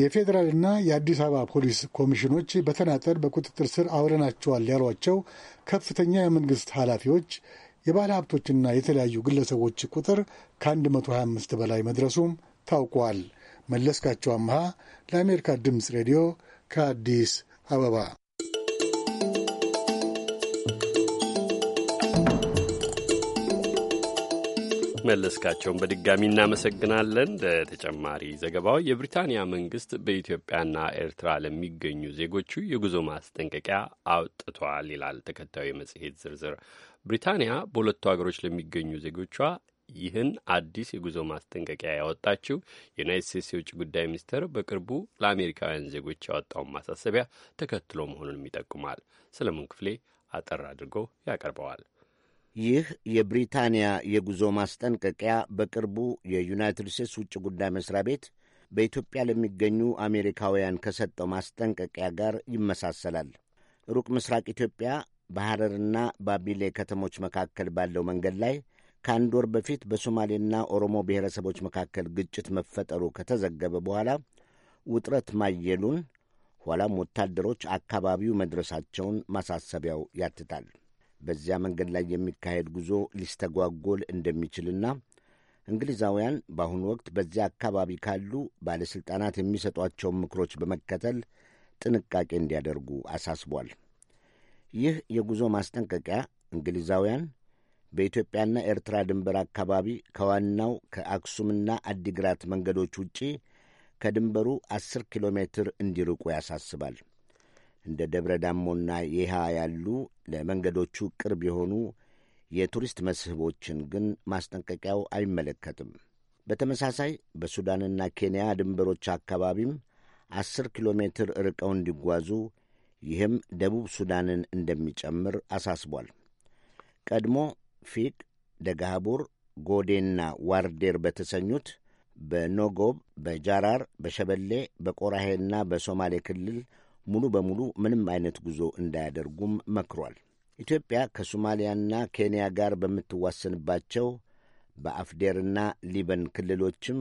የፌዴራልና የአዲስ አበባ ፖሊስ ኮሚሽኖች በተናጠል በቁጥጥር ስር አውለናቸዋል ያሏቸው ከፍተኛ የመንግስት ኃላፊዎች የባለ ሀብቶችና የተለያዩ ግለሰቦች ቁጥር ከ125 በላይ መድረሱም ታውቋል። መለስካቸው አምሃ ለአሜሪካ ድምፅ ሬዲዮ ከአዲስ አበባ። መለስካቸውን በድጋሚ እናመሰግናለን። ለተጨማሪ ዘገባው የብሪታንያ መንግስት በኢትዮጵያና ኤርትራ ለሚገኙ ዜጎቹ የጉዞ ማስጠንቀቂያ አውጥቷል ይላል ተከታዩ የመጽሔት ዝርዝር። ብሪታንያ በሁለቱ ሀገሮች ለሚገኙ ዜጎቿ ይህን አዲስ የጉዞ ማስጠንቀቂያ ያወጣችው የዩናይት ስቴትስ የውጭ ጉዳይ ሚኒስቴር በቅርቡ ለአሜሪካውያን ዜጎች ያወጣውን ማሳሰቢያ ተከትሎ መሆኑንም ይጠቁማል። ሰለሞን ክፍሌ አጠር አድርጎ ያቀርበዋል። ይህ የብሪታንያ የጉዞ ማስጠንቀቂያ በቅርቡ የዩናይትድ ስቴትስ ውጭ ጉዳይ መስሪያ ቤት በኢትዮጵያ ለሚገኙ አሜሪካውያን ከሰጠው ማስጠንቀቂያ ጋር ይመሳሰላል። ሩቅ ምስራቅ ኢትዮጵያ በሐረርና ባቢሌ ከተሞች መካከል ባለው መንገድ ላይ ከአንድ ወር በፊት በሶማሌና ኦሮሞ ብሔረሰቦች መካከል ግጭት መፈጠሩ ከተዘገበ በኋላ ውጥረት ማየሉን ኋላም ወታደሮች አካባቢው መድረሳቸውን ማሳሰቢያው ያትታል። በዚያ መንገድ ላይ የሚካሄድ ጉዞ ሊስተጓጎል እንደሚችልና እንግሊዛውያን በአሁኑ ወቅት በዚያ አካባቢ ካሉ ባለሥልጣናት የሚሰጧቸውን ምክሮች በመከተል ጥንቃቄ እንዲያደርጉ አሳስቧል። ይህ የጉዞ ማስጠንቀቂያ እንግሊዛውያን በኢትዮጵያና ኤርትራ ድንበር አካባቢ ከዋናው ከአክሱምና አዲግራት መንገዶች ውጪ ከድንበሩ 10 ኪሎ ሜትር እንዲርቁ ያሳስባል። እንደ ደብረ ዳሞና ይሃ ያሉ ለመንገዶቹ ቅርብ የሆኑ የቱሪስት መስህቦችን ግን ማስጠንቀቂያው አይመለከትም። በተመሳሳይ በሱዳንና ኬንያ ድንበሮች አካባቢም አስር ኪሎ ሜትር ርቀው እንዲጓዙ ይህም ደቡብ ሱዳንን እንደሚጨምር አሳስቧል። ቀድሞ ፊቅ፣ ደጋሃቡር፣ ጎዴና ዋርዴር በተሰኙት በኖጎብ፣ በጃራር፣ በሸበሌ፣ በቆራሄና በሶማሌ ክልል ሙሉ በሙሉ ምንም አይነት ጉዞ እንዳያደርጉም መክሯል። ኢትዮጵያ ከሶማሊያና ኬንያ ጋር በምትዋሰንባቸው በአፍዴርና ሊበን ክልሎችም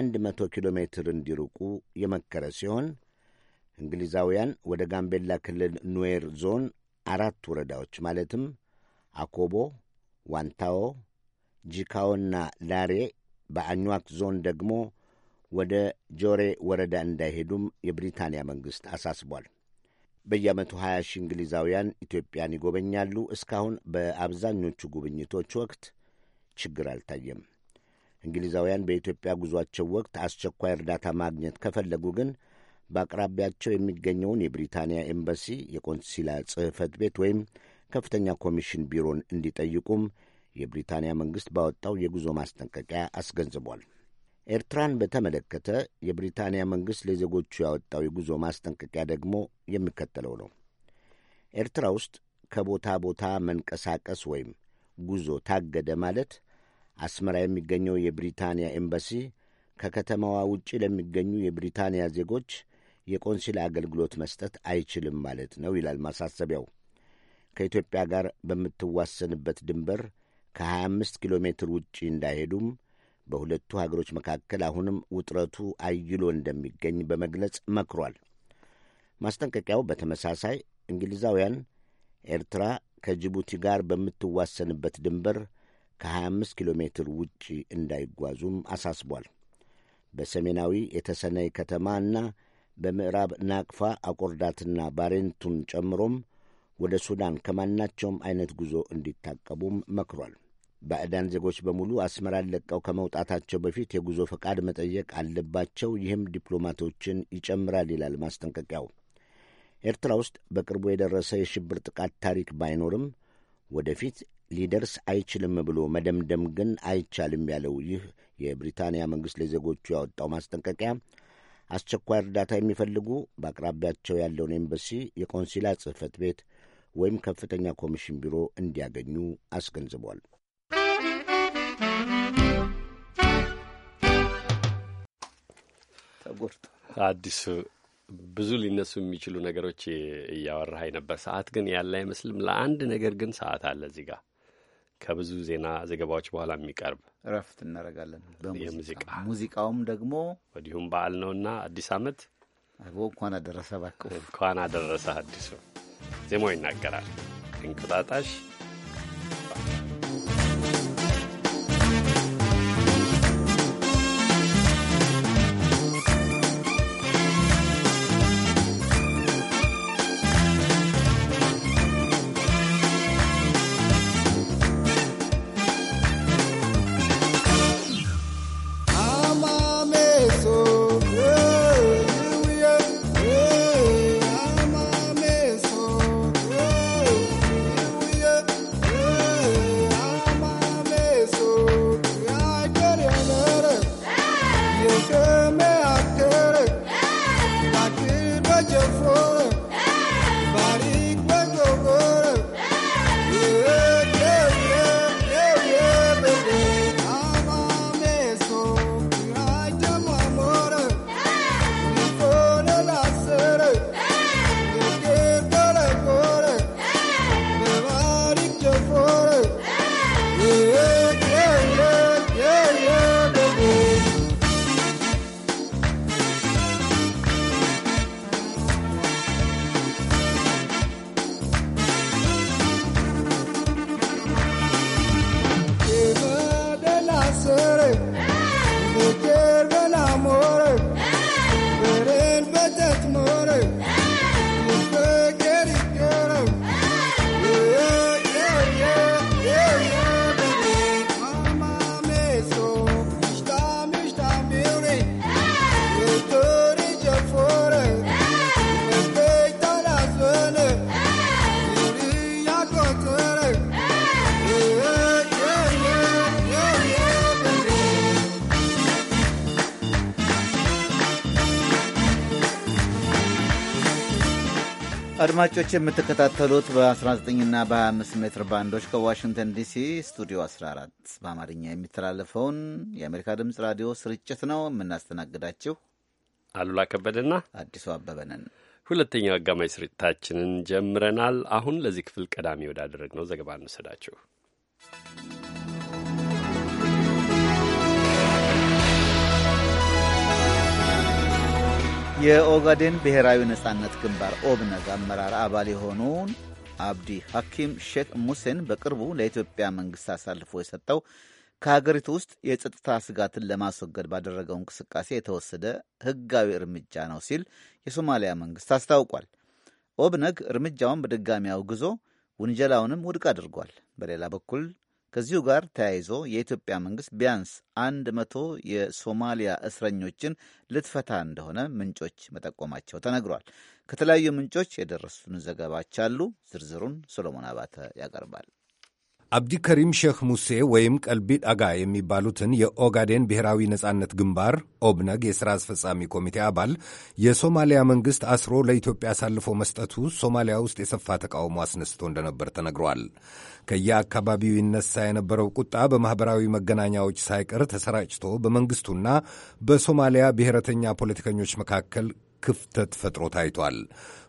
አንድ መቶ ኪሎ ሜትር እንዲርቁ የመከረ ሲሆን እንግሊዛውያን ወደ ጋምቤላ ክልል ኑዌር ዞን አራት ወረዳዎች ማለትም አኮቦ፣ ዋንታዎ፣ ጂካዎና ላሬ በአኟክ ዞን ደግሞ ወደ ጆሬ ወረዳ እንዳይሄዱም የብሪታንያ መንግሥት አሳስቧል። በየዓመቱ 20 ሺህ እንግሊዛውያን ኢትዮጵያን ይጎበኛሉ። እስካሁን በአብዛኞቹ ጉብኝቶች ወቅት ችግር አልታየም። እንግሊዛውያን በኢትዮጵያ ጉዟቸው ወቅት አስቸኳይ እርዳታ ማግኘት ከፈለጉ ግን በአቅራቢያቸው የሚገኘውን የብሪታንያ ኤምባሲ፣ የቆንሲላ ጽሕፈት ቤት ወይም ከፍተኛ ኮሚሽን ቢሮን እንዲጠይቁም የብሪታንያ መንግሥት ባወጣው የጉዞ ማስጠንቀቂያ አስገንዝቧል። ኤርትራን በተመለከተ የብሪታንያ መንግሥት ለዜጎቹ ያወጣው የጉዞ ማስጠንቀቂያ ደግሞ የሚከተለው ነው። ኤርትራ ውስጥ ከቦታ ቦታ መንቀሳቀስ ወይም ጉዞ ታገደ ማለት አስመራ የሚገኘው የብሪታንያ ኤምባሲ ከከተማዋ ውጪ ለሚገኙ የብሪታንያ ዜጎች የቆንሲል አገልግሎት መስጠት አይችልም ማለት ነው ይላል ማሳሰቢያው። ከኢትዮጵያ ጋር በምትዋሰንበት ድንበር ከ25 ኪሎ ሜትር ውጪ እንዳይሄዱም በሁለቱ ሀገሮች መካከል አሁንም ውጥረቱ አይሎ እንደሚገኝ በመግለጽ መክሯል። ማስጠንቀቂያው በተመሳሳይ እንግሊዛውያን ኤርትራ ከጅቡቲ ጋር በምትዋሰንበት ድንበር ከ25 ኪሎ ሜትር ውጪ እንዳይጓዙም አሳስቧል። በሰሜናዊ የተሰነይ ከተማ እና በምዕራብ ናቅፋ አቆርዳትና ባሬንቱን ጨምሮም ወደ ሱዳን ከማናቸውም አይነት ጉዞ እንዲታቀቡም መክሯል። ባዕዳን ዜጎች በሙሉ አስመራን ለቀው ከመውጣታቸው በፊት የጉዞ ፈቃድ መጠየቅ አለባቸው፣ ይህም ዲፕሎማቶችን ይጨምራል ይላል ማስጠንቀቂያው። ኤርትራ ውስጥ በቅርቡ የደረሰ የሽብር ጥቃት ታሪክ ባይኖርም ወደፊት ሊደርስ አይችልም ብሎ መደምደም ግን አይቻልም ያለው ይህ የብሪታንያ መንግሥት ለዜጎቹ ያወጣው ማስጠንቀቂያ አስቸኳይ እርዳታ የሚፈልጉ በአቅራቢያቸው ያለውን ኤምበሲ የቆንሲላ ጽሕፈት ቤት ወይም ከፍተኛ ኮሚሽን ቢሮ እንዲያገኙ አስገንዝቧል። አዲሱ ብዙ ሊነሱ የሚችሉ ነገሮች እያወራህ ነበር። ሰዓት ግን ያለ አይመስልም። ለአንድ ነገር ግን ሰዓት አለ እዚህ ጋር ከብዙ ዜና ዘገባዎች በኋላ የሚቀርብ እረፍት እናደርጋለን። በሙዚቃ ሙዚቃውም ደግሞ ወዲሁም በዓል ነውና አዲስ አመት አቦ እንኳን አደረሰ እባክህ እንኳን አደረሰ አዲሱ ዜማው ይናገራል። እንቁጣጣሽ አድማጮች የምትከታተሉት በ 19 እና በ25 ሜትር ባንዶች ከዋሽንግተን ዲሲ ስቱዲዮ 14 በአማርኛ የሚተላለፈውን የአሜሪካ ድምፅ ራዲዮ ስርጭት ነው። የምናስተናግዳችሁ አሉላ ከበደና አዲሱ አበበነን። ሁለተኛው አጋማሽ ስርጭታችንን ጀምረናል። አሁን ለዚህ ክፍል ቀዳሚ ነው ዘገባ እንወሰዳችሁ። የኦጋዴን ብሔራዊ ነጻነት ግንባር ኦብነግ አመራር አባል የሆኑን አብዲ ሐኪም ሼክ ሙሴን በቅርቡ ለኢትዮጵያ መንግሥት አሳልፎ የሰጠው ከሀገሪቱ ውስጥ የጸጥታ ስጋትን ለማስወገድ ባደረገው እንቅስቃሴ የተወሰደ ሕጋዊ እርምጃ ነው ሲል የሶማሊያ መንግሥት አስታውቋል። ኦብነግ እርምጃውን በድጋሚ አውግዞ ውንጀላውንም ውድቅ አድርጓል። በሌላ በኩል ከዚሁ ጋር ተያይዞ የኢትዮጵያ መንግስት ቢያንስ አንድ መቶ የሶማሊያ እስረኞችን ልትፈታ እንደሆነ ምንጮች መጠቆማቸው ተነግሯል። ከተለያዩ ምንጮች የደረሱን ዘገባዎች አሉ። ዝርዝሩን ሶሎሞን አባተ ያቀርባል። አብዲከሪም ሼክ ሙሴ ወይም ቀልቢ ዳጋ የሚባሉትን የኦጋዴን ብሔራዊ ነጻነት ግንባር ኦብነግ የሥራ አስፈጻሚ ኮሚቴ አባል የሶማሊያ መንግሥት አስሮ ለኢትዮጵያ አሳልፎ መስጠቱ ሶማሊያ ውስጥ የሰፋ ተቃውሞ አስነስቶ እንደነበር ተነግሯል። ከየአካባቢው ይነሳ የነበረው ቁጣ በማኅበራዊ መገናኛዎች ሳይቀር ተሰራጭቶ በመንግሥቱና በሶማሊያ ብሔረተኛ ፖለቲከኞች መካከል ክፍተት ፈጥሮ ታይቷል።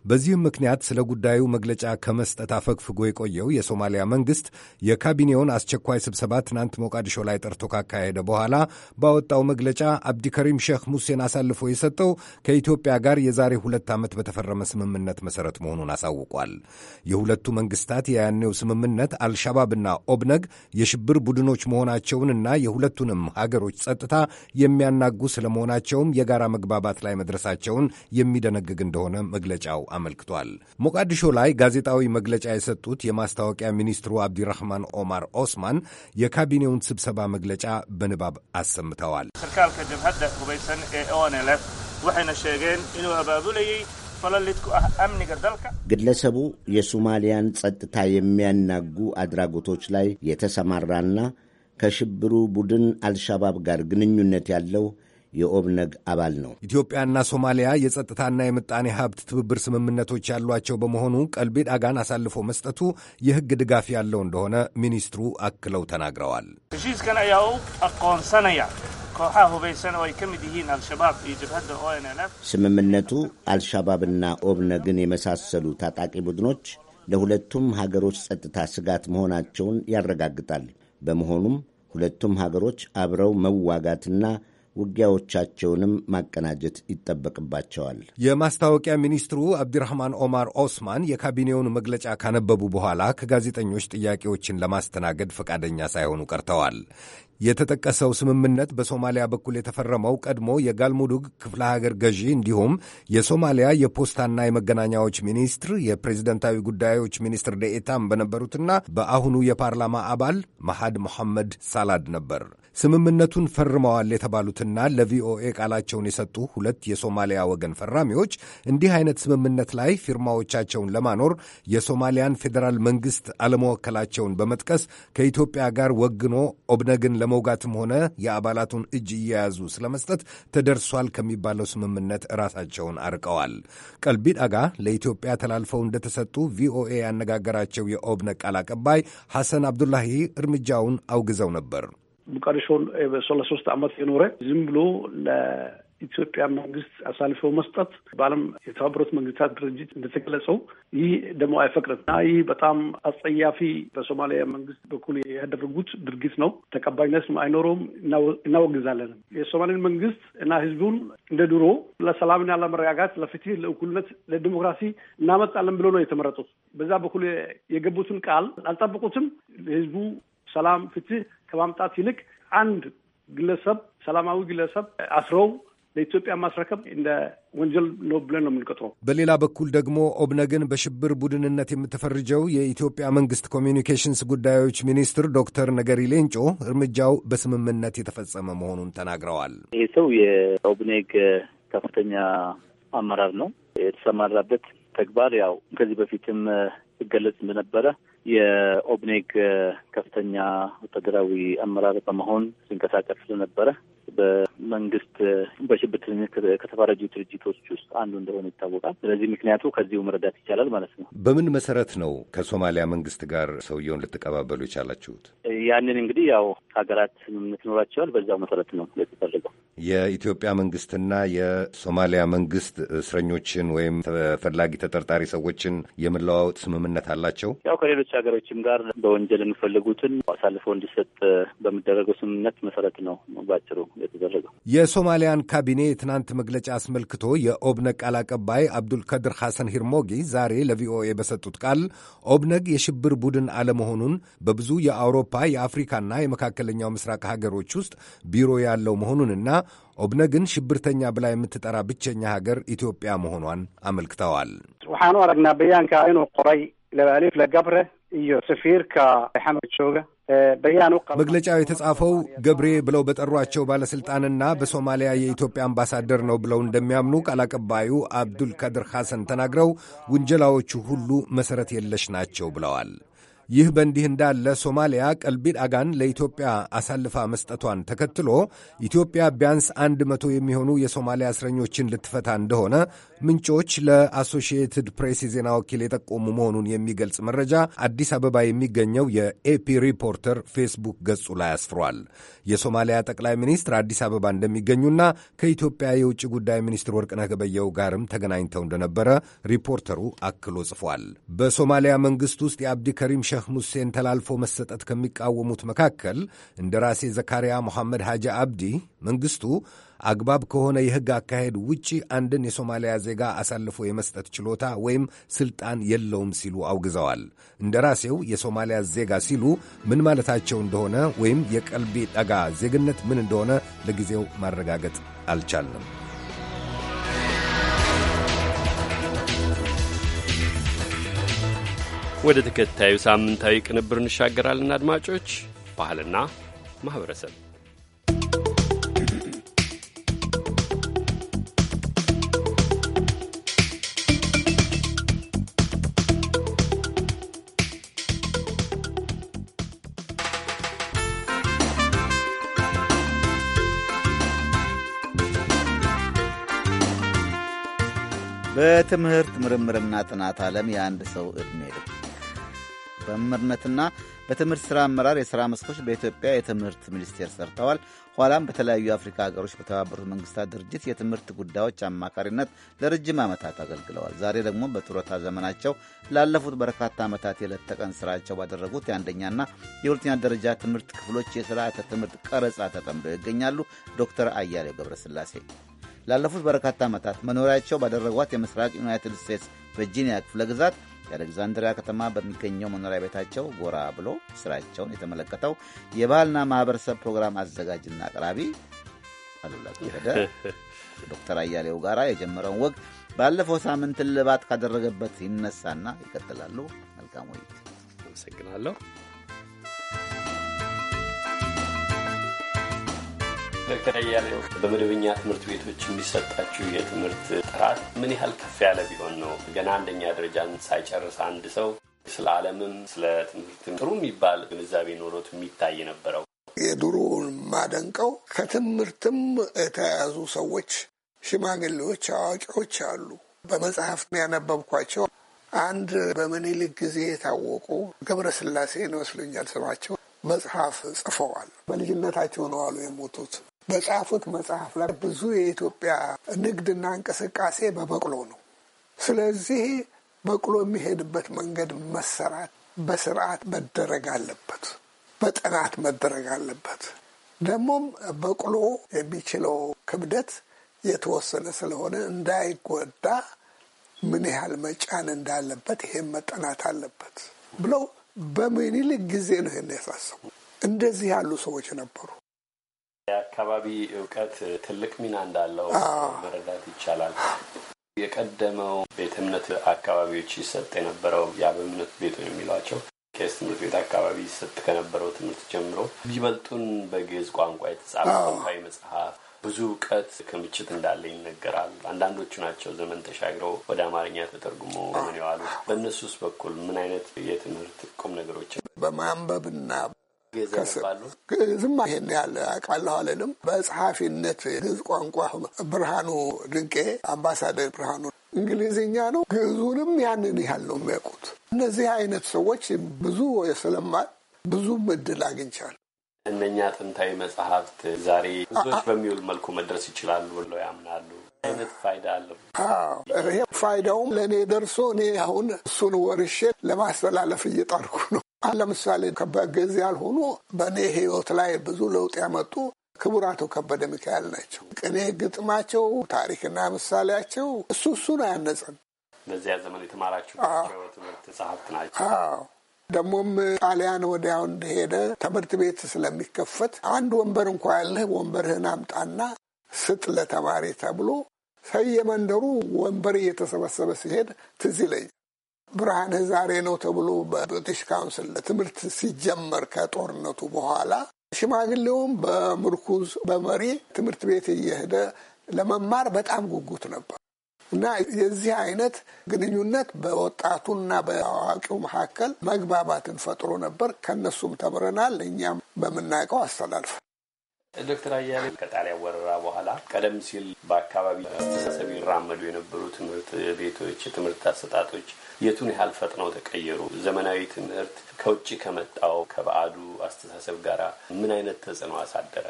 በዚህም ምክንያት ስለ ጉዳዩ መግለጫ ከመስጠት አፈግፍጎ የቆየው የሶማሊያ መንግስት የካቢኔውን አስቸኳይ ስብሰባ ትናንት ሞቃዲሾ ላይ ጠርቶ ካካሄደ በኋላ ባወጣው መግለጫ አብዲከሪም ሼክ ሙሴን አሳልፎ የሰጠው ከኢትዮጵያ ጋር የዛሬ ሁለት ዓመት በተፈረመ ስምምነት መሠረት መሆኑን አሳውቋል። የሁለቱ መንግስታት የያኔው ስምምነት አልሻባብና ኦብነግ የሽብር ቡድኖች መሆናቸውንና የሁለቱንም ሀገሮች ጸጥታ የሚያናጉ ስለመሆናቸውም የጋራ መግባባት ላይ መድረሳቸውን የሚደነግግ እንደሆነ መግለጫው አመልክቷል። ሞቃዲሾ ላይ ጋዜጣዊ መግለጫ የሰጡት የማስታወቂያ ሚኒስትሩ አብዲራህማን ኦማር ኦስማን የካቢኔውን ስብሰባ መግለጫ በንባብ አሰምተዋል። ግለሰቡ የሶማሊያን ጸጥታ የሚያናጉ አድራጎቶች ላይ የተሰማራና ከሽብሩ ቡድን አልሻባብ ጋር ግንኙነት ያለው የኦብነግ አባል ነው። ኢትዮጵያና ሶማሊያ የጸጥታና የምጣኔ ሀብት ትብብር ስምምነቶች ያሏቸው በመሆኑ ቀልቤ ዳጋን አሳልፎ መስጠቱ የሕግ ድጋፍ ያለው እንደሆነ ሚኒስትሩ አክለው ተናግረዋል። ስምምነቱ አልሻባብና ኦብነግን የመሳሰሉ ታጣቂ ቡድኖች ለሁለቱም ሀገሮች ጸጥታ ስጋት መሆናቸውን ያረጋግጣል። በመሆኑም ሁለቱም ሀገሮች አብረው መዋጋትና ውጊያዎቻቸውንም ማቀናጀት ይጠበቅባቸዋል። የማስታወቂያ ሚኒስትሩ አብዲራህማን ኦማር ኦስማን የካቢኔውን መግለጫ ካነበቡ በኋላ ከጋዜጠኞች ጥያቄዎችን ለማስተናገድ ፈቃደኛ ሳይሆኑ ቀርተዋል። የተጠቀሰው ስምምነት በሶማሊያ በኩል የተፈረመው ቀድሞ የጋልሙዱግ ክፍለ ሀገር ገዢ እንዲሁም የሶማሊያ የፖስታና የመገናኛዎች ሚኒስትር የፕሬዝደንታዊ ጉዳዮች ሚኒስትር ደኤታም በነበሩትና በአሁኑ የፓርላማ አባል መሐድ መሐመድ ሳላድ ነበር። ስምምነቱን ፈርመዋል የተባሉትና ለቪኦኤ ቃላቸውን የሰጡ ሁለት የሶማሊያ ወገን ፈራሚዎች እንዲህ አይነት ስምምነት ላይ ፊርማዎቻቸውን ለማኖር የሶማሊያን ፌዴራል መንግስት አለመወከላቸውን በመጥቀስ ከኢትዮጵያ ጋር ወግኖ ኦብነግን ለመውጋትም ሆነ የአባላቱን እጅ እየያዙ ስለመስጠት ተደርሷል ከሚባለው ስምምነት ራሳቸውን አርቀዋል። ቀልቢ ዳጋ ለኢትዮጵያ ተላልፈው እንደተሰጡ ቪኦኤ ያነጋገራቸው የኦብነግ ቃል አቀባይ ሐሰን አብዱላሂ እርምጃውን አውግዘው ነበር። ሞቃዲሾ ለሶስት ዓመት የኖረ ዝም ብሎ ለኢትዮጵያ መንግስት አሳልፎ መስጠት በዓለም የተባበሩት መንግስታት ድርጅት እንደተገለጸው ይህ ደግሞ አይፈቅድም እና ይህ በጣም አጸያፊ በሶማሊያ መንግስት በኩል ያደረጉት ድርጊት ነው። ተቀባይነት አይኖረውም፣ እናወግዛለን። የሶማሌን መንግስት እና ህዝቡን እንደ ድሮ ለሰላምና ለመረጋጋት፣ ለፍትህ፣ ለእኩልነት፣ ለዲሞክራሲ እናመጣለን ብሎ ነው የተመረጡት። በዛ በኩል የገቡትን ቃል አልጠበቁትም። ህዝቡ ሰላም፣ ፍትህ ከማምጣት ይልቅ አንድ ግለሰብ ሰላማዊ ግለሰብ አስረው ለኢትዮጵያ ማስረከብ እንደ ወንጀል ነው ብለን ነው የምንቆጥረው። በሌላ በኩል ደግሞ ኦብነግን በሽብር ቡድንነት የምትፈርጀው የኢትዮጵያ መንግስት ኮሚኒኬሽንስ ጉዳዮች ሚኒስትር ዶክተር ነገሪ ሌንጮ እርምጃው በስምምነት የተፈጸመ መሆኑን ተናግረዋል። ይህ ሰው የኦብነግ ከፍተኛ አመራር ነው። የተሰማራበት ተግባር ያው ከዚህ በፊትም ይገለጽ እንደነበረ የኦብኔግ ከፍተኛ ወታደራዊ አመራር በመሆን ሲንቀሳቀስ ስለነበረ በመንግስት በሽብርተኝነት ከተፈረጁ ድርጅቶች ውስጥ አንዱ እንደሆነ ይታወቃል። ስለዚህ ምክንያቱ ከዚሁ መረዳት ይቻላል ማለት ነው። በምን መሰረት ነው ከሶማሊያ መንግስት ጋር ሰውየውን ልትቀባበሉ የቻላችሁት? ያንን እንግዲህ ያው ሀገራት ስምምነት ይኖራቸዋል። በዛው መሰረት ነው የተደረገው። የኢትዮጵያ መንግስትና የሶማሊያ መንግስት እስረኞችን ወይም ተፈላጊ ተጠርጣሪ ሰዎችን የመለዋወጥ ስምምነት አላቸው። ያው ከሌሎች ሀገሮችም ጋር በወንጀል የሚፈልጉትን አሳልፈው እንዲሰጥ በሚደረገው ስምምነት መሰረት ነው ባጭሩ የተደረገው። የሶማሊያን ካቢኔ የትናንት መግለጫ አስመልክቶ የኦብነግ ቃል አቀባይ አብዱልከድር ሐሰን ሂርሞጊ ዛሬ ለቪኦኤ በሰጡት ቃል ኦብነግ የሽብር ቡድን አለመሆኑን በብዙ የአውሮፓ የአፍሪካና የመካከለኛው ምስራቅ ሀገሮች ውስጥ ቢሮ ያለው መሆኑንና ኦብነግን ሽብርተኛ ብላ የምትጠራ ብቸኛ ሀገር ኢትዮጵያ መሆኗን አመልክተዋል። waxaanu አረግና bayaanka inuu ቆረይ ለባሊፍ ለገብረ iyo ሰፊርካ ሐመድ መግለጫው የተጻፈው ገብሬ ብለው በጠሯቸው ባለሥልጣንና በሶማሊያ የኢትዮጵያ አምባሳደር ነው ብለው እንደሚያምኑ ቃል አቀባዩ አብዱል ከድር ሐሰን ተናግረው፣ ውንጀላዎቹ ሁሉ መሠረት የለሽ ናቸው ብለዋል። ይህ በእንዲህ እንዳለ ሶማሊያ ቀልቢ አጋን ለኢትዮጵያ አሳልፋ መስጠቷን ተከትሎ ኢትዮጵያ ቢያንስ አንድ መቶ የሚሆኑ የሶማሊያ እስረኞችን ልትፈታ እንደሆነ ምንጮች ለአሶሺየትድ ፕሬስ የዜና ወኪል የጠቆሙ መሆኑን የሚገልጽ መረጃ አዲስ አበባ የሚገኘው የኤፒ ሪፖርተር ፌስቡክ ገጹ ላይ አስፍሯል። የሶማሊያ ጠቅላይ ሚኒስትር አዲስ አበባ እንደሚገኙና ከኢትዮጵያ የውጭ ጉዳይ ሚኒስትር ወርቅነህ ገበየው ጋርም ተገናኝተው እንደነበረ ሪፖርተሩ አክሎ ጽፏል። በሶማሊያ መንግስት ውስጥ የአብዲ ከሪም ሸ ሼህ ሙሴን ተላልፎ መሰጠት ከሚቃወሙት መካከል እንደራሴ ዘካርያ መሐመድ ሐጂ አብዲ መንግሥቱ አግባብ ከሆነ የሕግ አካሄድ ውጪ አንድን የሶማሊያ ዜጋ አሳልፎ የመስጠት ችሎታ ወይም ስልጣን የለውም ሲሉ አውግዘዋል። እንደራሴው የሶማሊያ ዜጋ ሲሉ ምን ማለታቸው እንደሆነ ወይም የቀልቤ ጠጋ ዜግነት ምን እንደሆነ ለጊዜው ማረጋገጥ አልቻልንም። ወደ ተከታዩ ሳምንታዊ ቅንብር እንሻገራለን። አድማጮች፣ ባህልና ማህበረሰብ በትምህርት ምርምርና ጥናት ዓለም የአንድ ሰው ዕድሜ ልክ በመምህርነትና በትምህርት ሥራ አመራር የሥራ መስኮች በኢትዮጵያ የትምህርት ሚኒስቴር ሰርተዋል። ኋላም በተለያዩ የአፍሪካ ሀገሮች በተባበሩት መንግስታት ድርጅት የትምህርት ጉዳዮች አማካሪነት ለረጅም ዓመታት አገልግለዋል። ዛሬ ደግሞ በጡረታ ዘመናቸው ላለፉት በርካታ ዓመታት የዕለት ተቀን ሥራቸው ባደረጉት የአንደኛና የሁለተኛ ደረጃ ትምህርት ክፍሎች የሥርዓተ ትምህርት ቀረጻ ተጠምደው ይገኛሉ። ዶክተር አያሌው ገብረስላሴ ላለፉት በርካታ ዓመታት መኖሪያቸው ባደረጓት የምስራቅ ዩናይትድ ስቴትስ ቨርጂኒያ ክፍለ ግዛት የአሌግዛንድሪያ ከተማ በሚገኘው መኖሪያ ቤታቸው ጎራ ብሎ ስራቸውን የተመለከተው የባህልና ማህበረሰብ ፕሮግራም አዘጋጅና አቅራቢ አሉላ ከበደ ዶክተር አያሌው ጋራ የጀመረውን ወግ ባለፈው ሳምንት እልባት ካደረገበት ይነሳና ይቀጥላሉ። መልካም ውይይት። አመሰግናለሁ። ዶክተር አያሌው በመደበኛ ትምህርት ቤቶች የሚሰጣችው የትምህርት ጥራት ምን ያህል ከፍ ያለ ቢሆን ነው ገና አንደኛ ደረጃን ሳይጨርስ አንድ ሰው ስለ ዓለምም ስለ ትምህርትም ጥሩ የሚባል ግንዛቤ ኖሮት የሚታይ ነበረው? የድሮውን ማደንቀው ከትምህርትም የተያያዙ ሰዎች፣ ሽማግሌዎች፣ አዋቂዎች አሉ። በመጽሐፍ ያነበብኳቸው አንድ በምኒልክ ጊዜ የታወቁ ገብረስላሴ ይመስለኛል ስማቸው መጽሐፍ ጽፈዋል። በልጅነታቸው ነው አሉ የሞቱት። በጻፉት መጽሐፍ ላይ ብዙ የኢትዮጵያ ንግድና እንቅስቃሴ በበቅሎ ነው። ስለዚህ በቅሎ የሚሄድበት መንገድ መሰራት በስርዓት መደረግ አለበት፣ በጥናት መደረግ አለበት። ደግሞም በቅሎ የሚችለው ክብደት የተወሰነ ስለሆነ እንዳይጎዳ ምን ያህል መጫን እንዳለበት ይሄም መጠናት አለበት ብለው በምኒልክ ጊዜ ነው ይህን ያሳሰቡ። እንደዚህ ያሉ ሰዎች ነበሩ። የአካባቢ እውቀት ትልቅ ሚና እንዳለው መረዳት ይቻላል። የቀደመው ቤተ እምነት አካባቢዎች ይሰጥ የነበረው ያ በእምነት ቤት የሚሏቸው ቄስ ትምህርት ቤት አካባቢ ይሰጥ ከነበረው ትምህርት ጀምሮ ይበልጡን በግዕዝ ቋንቋ የተጻፈ ቋንቋዊ መጽሐፍ ብዙ እውቀት ክምችት እንዳለ ይነገራል። አንዳንዶቹ ናቸው ዘመን ተሻግረው ወደ አማርኛ ተተርጉሞ ምን የዋሉት። በእነሱስ በኩል ምን አይነት የትምህርት ቁም ነገሮች በማንበብና ዝማ ይሄን ያህል አውቃለሁ አልልም። በጸሐፊነት ግዕዝ ቋንቋ ብርሃኑ ድንቄ፣ አምባሳደር ብርሃኑ እንግሊዝኛ ነው። ግዕዙንም ያንን ያህል ነው የሚያውቁት። እነዚህ አይነት ሰዎች ብዙ ስለማል ብዙ ምድል አግኝቻል። እነኛ ጥንታዊ መጽሐፍት ዛሬ ብዙዎች በሚውል መልኩ መድረስ ይችላሉ ብለው ያምናሉ። አይነት ፋይዳ አለው። ይሄ ፋይዳውም ለእኔ ደርሶ እኔ አሁን እሱን ወርሼ ለማስተላለፍ እየጣርኩ ነው። ለምሳሌ ከበድ ያልሆኑ በእኔ ህይወት ላይ ብዙ ለውጥ ያመጡ ክቡር አቶ ከበደ ሚካኤል ናቸው። ቅኔ ግጥማቸው፣ ታሪክና ምሳሌያቸው እሱ እሱ ነው ያነጸን። በዚያ ዘመን የተማራችሁ ትምህርት ጸሐፍት ናቸው። ደግሞም ጣሊያን ወዲያው እንደሄደ ትምህርት ቤት ስለሚከፈት አንድ ወንበር እንኳ ያለህ ወንበርህን አምጣና ስጥ ለተማሪ ተብሎ ሰየመንደሩ ወንበር እየተሰበሰበ ሲሄድ ትዝ ይለኛል። ብርሃነ ዛሬ ነው ተብሎ በብሪቲሽ ካውንስል ትምህርት ሲጀመር ከጦርነቱ በኋላ ሽማግሌውም በምርኩዝ በመሪ ትምህርት ቤት እየሄደ ለመማር በጣም ጉጉት ነበር እና የዚህ አይነት ግንኙነት በወጣቱና በአዋቂው መካከል መግባባትን ፈጥሮ ነበር። ከነሱም ተምረናል፣ እኛም በምናውቀው አስተላልፈ ዶክተር አያሌ ከጣሊያን ወረራ በኋላ ቀደም ሲል በአካባቢ አስተሳሰብ ይራመዱ የነበሩ ትምህርት ቤቶች፣ የትምህርት አሰጣጦች የቱን ያህል ፈጥነው ተቀየሩ? ዘመናዊ ትምህርት ከውጭ ከመጣው ከበአዱ አስተሳሰብ ጋር ምን አይነት ተጽዕኖ አሳደረ?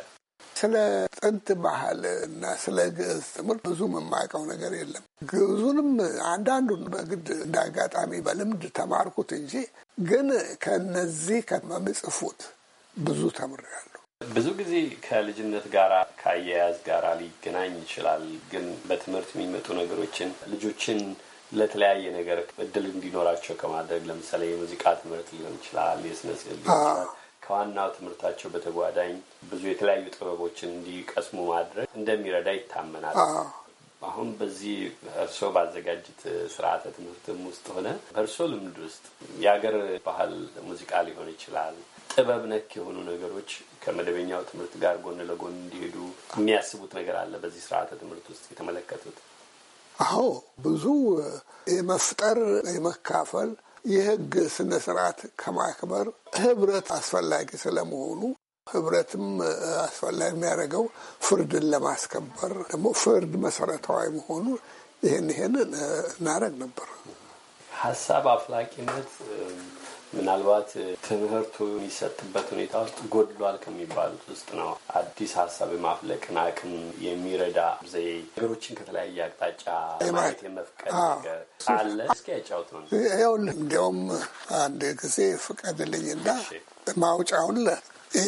ስለ ጥንት ባህል እና ስለ ግዕዝ ትምህርት ብዙ የማውቀው ነገር የለም። ግዕዙንም አንዳንዱን በግድ እንዳጋጣሚ በልምድ ተማርኩት እንጂ ግን ከነዚህ ከመምጽፉት ብዙ ተምሬያለሁ። ብዙ ጊዜ ከልጅነት ጋር ከአያያዝ ጋር ሊገናኝ ይችላል። ግን በትምህርት የሚመጡ ነገሮችን ልጆችን ለተለያየ ነገር እድል እንዲኖራቸው ከማድረግ ለምሳሌ የሙዚቃ ትምህርት ሊሆን ይችላል፣ የስነ ስዕል ሊሆን ይችላል። ከዋናው ትምህርታቸው በተጓዳኝ ብዙ የተለያዩ ጥበቦችን እንዲቀስሙ ማድረግ እንደሚረዳ ይታመናል። አሁን በዚህ እርስዎ ባዘጋጅት ስርዓተ ትምህርትም ውስጥ ሆነ በእርስዎ ልምድ ውስጥ የሀገር ባህል ሙዚቃ ሊሆን ይችላል ጥበብ ነክ የሆኑ ነገሮች ከመደበኛው ትምህርት ጋር ጎን ለጎን እንዲሄዱ የሚያስቡት ነገር አለ በዚህ ስርዓተ ትምህርት ውስጥ የተመለከቱት? አዎ ብዙ የመፍጠር የመካፈል የህግ ስነ ስርዓት ከማክበር ህብረት አስፈላጊ ስለመሆኑ ህብረትም አስፈላጊ የሚያደርገው ፍርድን ለማስከበር ደግሞ ፍርድ መሰረታዊ መሆኑ ይህን ይህን እናደርግ ነበር። ሀሳብ አፍላቂነት ምናልባት ትምህርቱ የሚሰጥበት ሁኔታ ውስጥ ጎድሏል ከሚባሉት ውስጥ ነው። አዲስ ሀሳብ የማፍለቅን አቅም የሚረዳ ዘይ ነገሮችን ከተለያየ አቅጣጫ ማየት የመፍቀድ ነገር አለ። እስኪ ያጫውት ነው። ይኸውልህ እንዲያውም አንድ ጊዜ ፍቀድልኝና ማውጫውን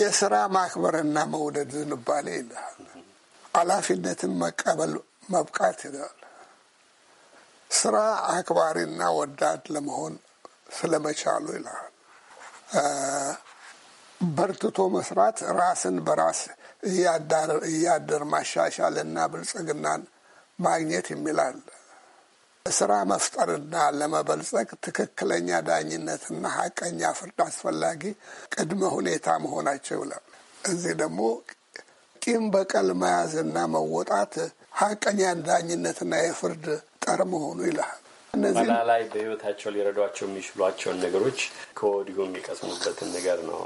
የስራ ማክበርና መውደድ ዝንባሌ ይልሃል። ኃላፊነትን መቀበል መብቃት ይላል። ስራ አክባሪና ወዳድ ለመሆን ስለመቻሉ ይላል በርትቶ መስራት ራስን በራስ እያደር ማሻሻልና ብልጽግናን ማግኘት የሚላል ስራ መፍጠርና ለመበልጸግ ትክክለኛ ዳኝነትና ሀቀኛ ፍርድ አስፈላጊ ቅድመ ሁኔታ መሆናቸው ይላል። እዚህ ደግሞ ቂም በቀል መያዝና መወጣት ሀቀኛ ዳኝነትና የፍርድ ጠር መሆኑ ይላል። መላ ላይ በህይወታቸው ሊረዷቸው የሚችሏቸውን ነገሮች ከወዲሁ የሚቀስሙበትን ነገር ነው።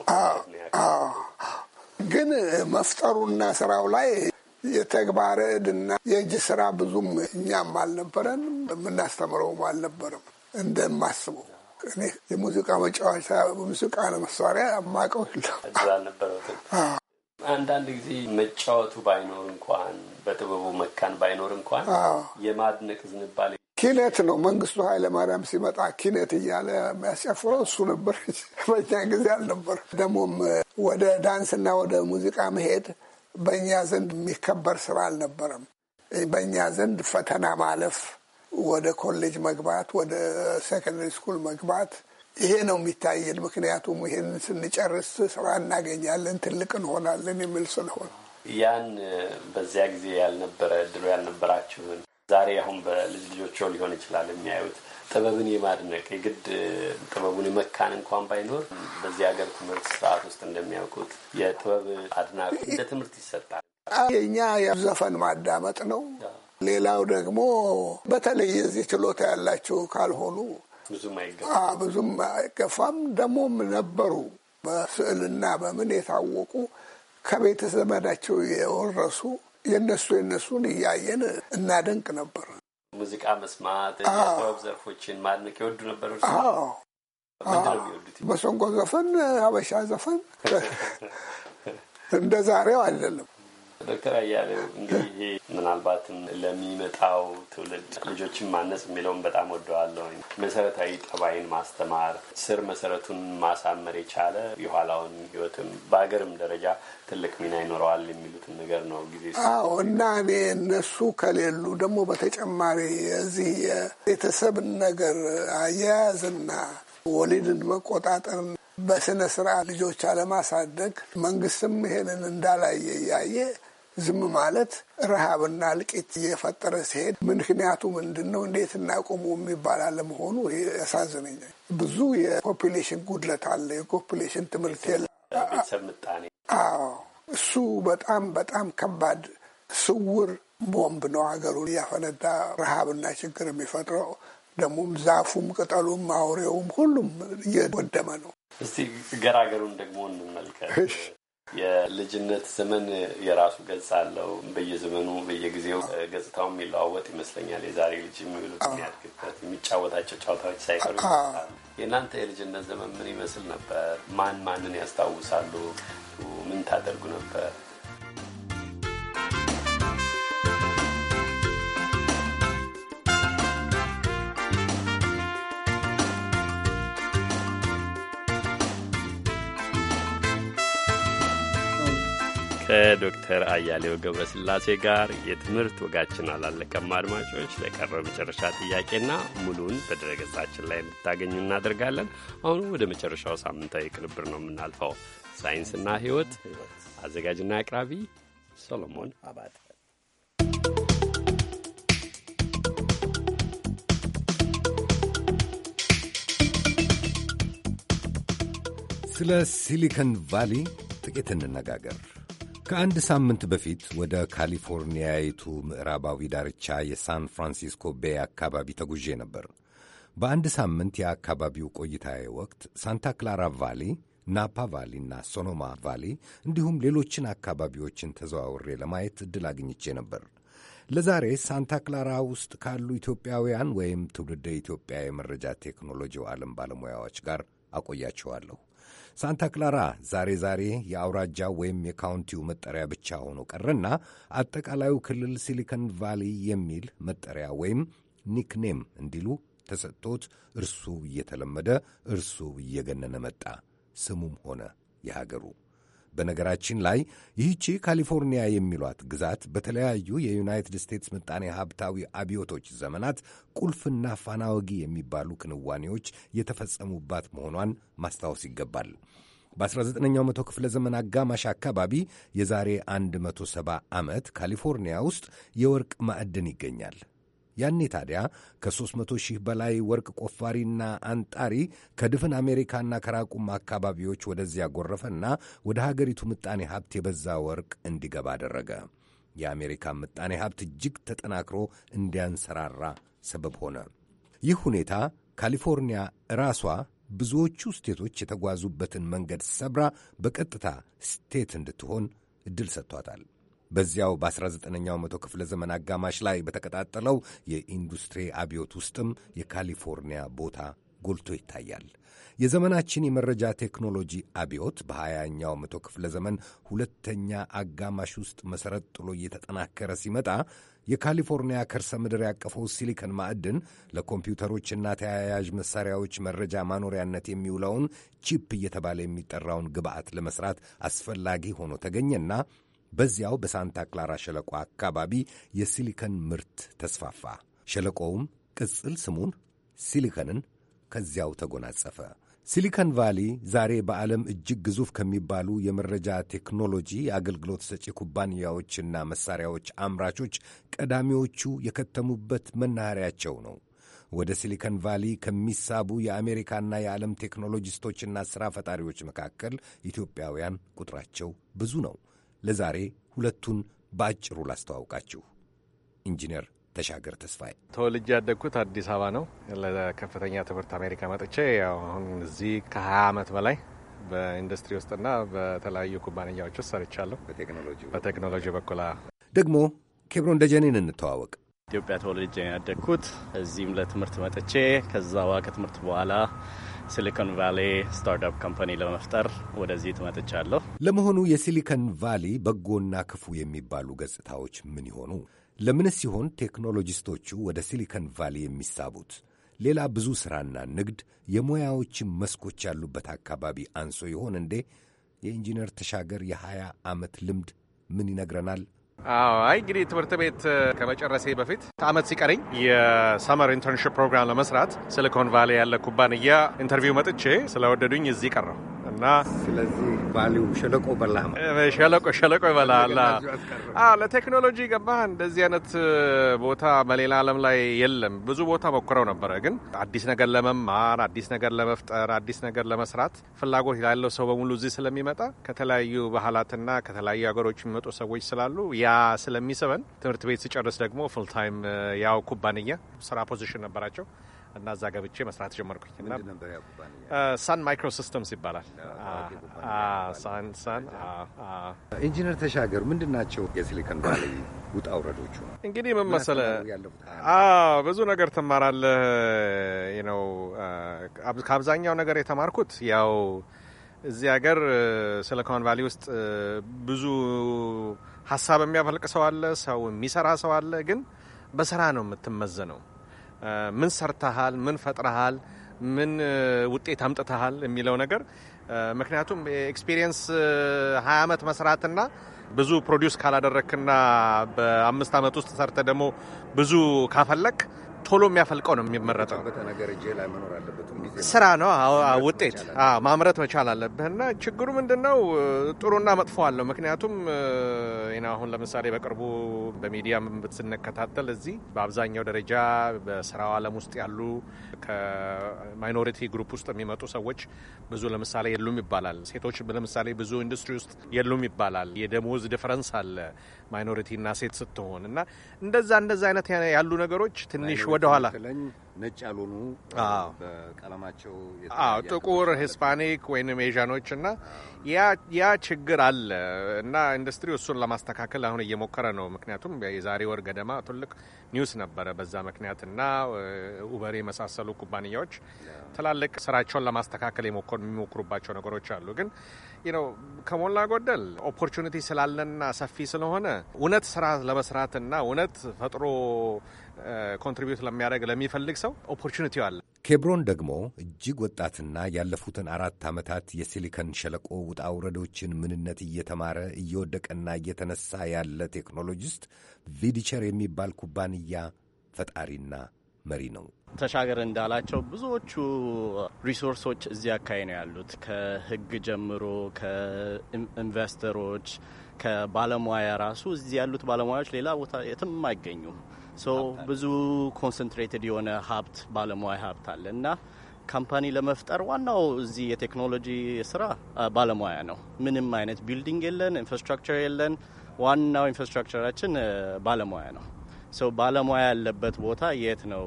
ግን መፍጠሩና ስራው ላይ የተግባር እድና የእጅ ስራ ብዙም እኛም አልነበረን የምናስተምረውም አልነበርም እንደማስበው እኔ የሙዚቃ መጫወቻ ሙዚቃ ለመሳሪያ የማውቀው የለም። አንዳንድ ጊዜ መጫወቱ ባይኖር እንኳን በጥበቡ መካን ባይኖር እንኳን የማድነቅ ዝንባሌ ኪነት ነው። መንግስቱ ኃይለማርያም ሲመጣ ኪነት እያለ የሚያስጨፍረው እሱ ነበር። በኛ ጊዜ አልነበር። ደግሞም ወደ ዳንስና ወደ ሙዚቃ መሄድ በእኛ ዘንድ የሚከበር ስራ አልነበረም። በእኛ ዘንድ ፈተና ማለፍ፣ ወደ ኮሌጅ መግባት፣ ወደ ሴኮንደሪ ስኩል መግባት ይሄ ነው የሚታየን። ምክንያቱም ይህን ስንጨርስ ስራ እናገኛለን፣ ትልቅ እንሆናለን የሚል ስለሆነ ያን በዚያ ጊዜ ያልነበረ ድሎ ያልነበራችሁን ዛሬ አሁን በልጅ ልጆቸው ሊሆን ይችላል የሚያዩት ጥበብን የማድነቅ የግድ ጥበቡን የመካን እንኳን ባይኖር በዚህ ሀገር ትምህርት ስርዓት ውስጥ እንደሚያውቁት የጥበብ አድናቆት እንደ ትምህርት ይሰጣል። እኛ የዘፈን ማዳመጥ ነው። ሌላው ደግሞ በተለይ የዚህ ችሎታ ያላቸው ካልሆኑ ብዙም አይገፋም። ደግሞም ነበሩ በስዕልና በምን የታወቁ ከቤተ ዘመዳቸው የወረሱ የእነሱ የእነሱን እያየን እናደንቅ ነበር። ሙዚቃ መስማት፣ የጥበብ ዘርፎችን ማድነቅ ይወዱ ነበር። በሰንጎ ዘፈን፣ ሀበሻ ዘፈን እንደ ዛሬው አይደለም። ዶክተር አያሌው እንግዲህ ምናልባትም ለሚመጣው ትውልድ ልጆችን ማነጽ የሚለውን በጣም ወደዋለሁ። መሰረታዊ ጠባይን ማስተማር ስር መሰረቱን ማሳመር የቻለ የኋላውን ህይወትም በሀገርም ደረጃ ትልቅ ሚና ይኖረዋል የሚሉትን ነገር ነው ጊዜ አዎ። እና እኔ እነሱ ከሌሉ ደግሞ በተጨማሪ የዚህ የቤተሰብን ነገር አያያዝና ወሊድን መቆጣጠር በስነ ስርዓት ልጆች አለማሳደግ መንግስትም ይሄንን እንዳላየ እያየ ዝም ማለት ረሃብና እልቂት እየፈጠረ ሲሄድ ምክንያቱ ምንድን ነው? እንዴት እናቆሙ የሚባል አለመሆኑ ያሳዝነኛል። ብዙ የፖፕሌሽን ጉድለት አለ። የፖፕሌሽን ትምህርት የለ። አዎ እሱ በጣም በጣም ከባድ ስውር ቦምብ ነው። ሀገሩ እያፈነዳ ረሃብና ችግር የሚፈጥረው ደግሞም ዛፉም ቅጠሉም አውሬውም ሁሉም እየወደመ ነው። እስቲ ገራገሩን ደግሞ እንመልከት። የልጅነት ዘመን የራሱ ገጽ አለው። በየዘመኑ በየጊዜው ገጽታው የሚለዋወጥ ይመስለኛል። የዛሬ ልጅ የሚውሉት የሚያድግበት፣ የሚጫወታቸው ጨዋታዎች ሳይቀሩ የእናንተ የልጅነት ዘመን ምን ይመስል ነበር? ማን ማንን ያስታውሳሉ? ምን ታደርጉ ነበር? ከዶክተር አያሌው ገብረስላሴ ጋር የትምህርት ወጋችን አላለቀም። አድማጮች ለቀረው መጨረሻ ጥያቄና ሙሉን በድረገጻችን ላይ እንድታገኙ እናደርጋለን። አሁን ወደ መጨረሻው ሳምንታዊ ቅንብር ነው የምናልፈው። ሳይንስና ሕይወት አዘጋጅና አቅራቢ ሰሎሞን አባት ስለ ሲሊከን ቫሊ ጥቂት እንነጋገር። ከአንድ ሳምንት በፊት ወደ ካሊፎርኒያይቱ ምዕራባዊ ዳርቻ የሳን ፍራንሲስኮ ቤይ አካባቢ ተጉዤ ነበር። በአንድ ሳምንት የአካባቢው ቆይታዬ ወቅት ሳንታ ክላራ ቫሊ፣ ናፓ ቫሊ እና ሶኖማ ቫሊ እንዲሁም ሌሎችን አካባቢዎችን ተዘዋውሬ ለማየት ዕድል አግኝቼ ነበር። ለዛሬ ሳንታ ክላራ ውስጥ ካሉ ኢትዮጵያውያን ወይም ትውልደ ኢትዮጵያ የመረጃ ቴክኖሎጂው ዓለም ባለሙያዎች ጋር አቆያችኋለሁ። ሳንታ ክላራ ዛሬ ዛሬ የአውራጃው ወይም የካውንቲው መጠሪያ ብቻ ሆኖ ቀረና አጠቃላዩ ክልል ሲሊከን ቫሊ የሚል መጠሪያ ወይም ኒክኔም እንዲሉ ተሰጥቶት እርሱ እየተለመደ እርሱ እየገነነ መጣ። ስሙም ሆነ የሀገሩ በነገራችን ላይ ይህቺ ካሊፎርኒያ የሚሏት ግዛት በተለያዩ የዩናይትድ ስቴትስ ምጣኔ ሀብታዊ አብዮቶች ዘመናት ቁልፍና ፋናወጊ የሚባሉ ክንዋኔዎች የተፈጸሙባት መሆኗን ማስታወስ ይገባል። በ19ኛው መቶ ክፍለ ዘመን አጋማሽ አካባቢ የዛሬ 170 ዓመት ካሊፎርኒያ ውስጥ የወርቅ ማዕድን ይገኛል። ያኔ ታዲያ ከ300 ሺህ በላይ ወርቅ ቆፋሪና አንጣሪ ከድፍን አሜሪካና ከራቁም አካባቢዎች ወደዚያ ጎረፈና ወደ ሀገሪቱ ምጣኔ ሀብት የበዛ ወርቅ እንዲገባ አደረገ። የአሜሪካ ምጣኔ ሀብት እጅግ ተጠናክሮ እንዲያንሰራራ ሰበብ ሆነ። ይህ ሁኔታ ካሊፎርኒያ ራሷ ብዙዎቹ ስቴቶች የተጓዙበትን መንገድ ሰብራ በቀጥታ ስቴት እንድትሆን ዕድል ሰጥቷታል። በዚያው በ19ኛው መቶ ክፍለ ዘመን አጋማሽ ላይ በተቀጣጠለው የኢንዱስትሪ አብዮት ውስጥም የካሊፎርኒያ ቦታ ጎልቶ ይታያል። የዘመናችን የመረጃ ቴክኖሎጂ አብዮት በ20ኛው መቶ ክፍለ ዘመን ሁለተኛ አጋማሽ ውስጥ መሠረት ጥሎ እየተጠናከረ ሲመጣ የካሊፎርኒያ ከርሰ ምድር ያቀፈው ሲሊከን ማዕድን ለኮምፒውተሮችና ተያያዥ መሣሪያዎች መረጃ ማኖሪያነት የሚውለውን ቺፕ እየተባለ የሚጠራውን ግብዓት ለመሥራት አስፈላጊ ሆኖ ተገኘና በዚያው በሳንታ ክላራ ሸለቆ አካባቢ የሲሊከን ምርት ተስፋፋ። ሸለቆውም ቅጽል ስሙን ሲሊከንን ከዚያው ተጎናጸፈ። ሲሊከን ቫሊ ዛሬ በዓለም እጅግ ግዙፍ ከሚባሉ የመረጃ ቴክኖሎጂ አገልግሎት ሰጪ ኩባንያዎችና መሳሪያዎች አምራቾች ቀዳሚዎቹ የከተሙበት መናኸሪያቸው ነው። ወደ ሲሊከን ቫሊ ከሚሳቡ የአሜሪካና የዓለም ቴክኖሎጂስቶችና ሥራ ፈጣሪዎች መካከል ኢትዮጵያውያን ቁጥራቸው ብዙ ነው። ለዛሬ ሁለቱን በአጭሩ ላስተዋውቃችሁ። ኢንጂነር ተሻገር ተስፋዬ ተወልጄ ያደግኩት አዲስ አበባ ነው። ለከፍተኛ ትምህርት አሜሪካ መጥቼ አሁን እዚህ ከ20 ዓመት በላይ በኢንዱስትሪ ውስጥና በተለያዩ ኩባንያዎች ውስጥ ሰርቻለሁ። በቴክኖሎጂ በኩል ደግሞ ኬብሮን ደጀኔን እንተዋወቅ። ኢትዮጵያ ተወልጄ ያደግኩት እዚህም ለትምህርት መጥቼ ከዛ ዋ ከትምህርት በኋላ ሲሊኮን ቫሌ ስታርታፕ ካምፓኒ ለመፍጠር ወደዚህ ትመጥቻለሁ። ለመሆኑ የሲሊኮን ቫሊ በጎና ክፉ የሚባሉ ገጽታዎች ምን ይሆኑ? ለምን ሲሆን ቴክኖሎጂስቶቹ ወደ ሲሊኮን ቫሊ የሚሳቡት? ሌላ ብዙ ሥራና ንግድ የሙያዎችን መስኮች ያሉበት አካባቢ አንሶ ይሆን እንዴ? የኢንጂነር ተሻገር የሃያ ዓመት ልምድ ምን ይነግረናል? አዎ አይ እንግዲህ ትምህርት ቤት ከመጨረሴ በፊት አመት ሲቀረኝ የሰመር ኢንተርንሽፕ ፕሮግራም ለመስራት ሲሊኮን ቫሌ ያለ ኩባንያ ኢንተርቪው መጥቼ ስለወደዱኝ እዚህ ቀረው። እና ስለዚህ ባሊው ሸለቆ በላ ሸለቆ ሸለቆ ይበላል። ለቴክኖሎጂ ገባህ። እንደዚህ አይነት ቦታ በሌላ ዓለም ላይ የለም። ብዙ ቦታ ሞክረው ነበረ፣ ግን አዲስ ነገር ለመማር አዲስ ነገር ለመፍጠር አዲስ ነገር ለመስራት ፍላጎት ያለው ሰው በሙሉ እዚህ ስለሚመጣ ከተለያዩ ባህላትና ከተለያዩ ሀገሮች የሚመጡ ሰዎች ስላሉ ያ ስለሚስበን ትምህርት ቤት ሲጨርስ ደግሞ ፉልታይም ያው ኩባንያ ስራ ፖዚሽን ነበራቸው እና እዛ ገብቼ መስራት ጀመርኩኝ። ሳን ማይክሮ ሲስተምስ ይባላል። ሳን ኢንጂነር ተሻገር ምንድን ናቸው የሲሊኮን ቫሊ ውጣ ውረዶቹ? እንግዲህ ምን ብዙ ነገር ትማራለህ ነው። ከአብዛኛው ነገር የተማርኩት ያው እዚህ ሀገር ሲሊኮን ቫሊ ውስጥ ብዙ ሀሳብ የሚያፈልቅ ሰው አለ፣ ሰው የሚሰራ ሰው አለ። ግን በስራ ነው የምትመዘነው። ምን ሰርተሃል፣ ምን ፈጥረሃል፣ ምን ውጤት አምጥተሃል የሚለው ነገር ምክንያቱም ኤክስፒሪየንስ ሀያ ዓመት መስራትና ብዙ ፕሮዲውስ ካላደረክና በአምስት ዓመት ውስጥ ሰርተ ደግሞ ብዙ ካፈለክ ቶሎ የሚያፈልቀው ነው የሚመረጠው። ስራ ነው ውጤት ማምረት መቻል አለብህ። እና ችግሩ ምንድን ነው? ጥሩና መጥፎ አለው። ምክንያቱም አሁን ለምሳሌ በቅርቡ በሚዲያ ስንከታተል እዚህ በአብዛኛው ደረጃ በስራው አለም ውስጥ ያሉ ከማይኖሪቲ ግሩፕ ውስጥ የሚመጡ ሰዎች ብዙ ለምሳሌ የሉም ይባላል። ሴቶች ለምሳሌ ብዙ ኢንዱስትሪ ውስጥ የሉም ይባላል። የደሞዝ ዲፈረንስ አለ ማይኖሪቲ እና ሴት ስትሆን እና እንደዛ እንደዛ አይነት ያሉ ነገሮች ትንሽ ወደኋላ ነጭ ያልሆኑ በቀለማቸው ጥቁር ሂስፓኒክ ወይም ኤዣኖች እና ያ ችግር አለ እና ኢንዱስትሪ እሱን ለማስተካከል አሁን እየሞከረ ነው። ምክንያቱም የዛሬ ወር ገደማ ትልቅ ኒውስ ነበረ በዛ ምክንያት እና ኡበር የመሳሰሉ ኩባንያዎች ትላልቅ ስራቸውን ለማስተካከል የሚሞክሩባቸው ነገሮች አሉ። ግን ነው ከሞላ ጎደል ኦፖርቹኒቲ ስላለና ሰፊ ስለሆነ እውነት ስራ ለመስራትና እውነት ፈጥሮ ኮንትሪቢዩት ለሚያደርግ ለሚፈልግ ሰው ኦፖርቹኒቲ አለ። ኬብሮን ደግሞ እጅግ ወጣትና ያለፉትን አራት ዓመታት የሲሊከን ሸለቆ ውጣ ውረዶችን ምንነት እየተማረ እየወደቀና እየተነሳ ያለ ቴክኖሎጂስት ቪዲቸር የሚባል ኩባንያ ፈጣሪና መሪ ነው። ተሻገር እንዳላቸው ብዙዎቹ ሪሶርሶች እዚህ አካባቢ ነው ያሉት። ከህግ ጀምሮ ከኢንቨስተሮች ከባለሙያ ራሱ እዚህ ያሉት ባለሙያዎች ሌላ ቦታ የትም አይገኙም። ብዙ ኮንሰንትሬትድ የሆነ ሀብት ባለሙያ ሀብት አለ እና ካምፓኒ ለመፍጠር ዋናው እዚህ የቴክኖሎጂ ስራ ባለሙያ ነው። ምንም አይነት ቢልዲንግ የለን፣ ኢንፍራስትራክቸር የለን። ዋናው ኢንፍራስትራክቸራችን ባለሙያ ነው። ሰው ባለሙያ ያለበት ቦታ የት ነው?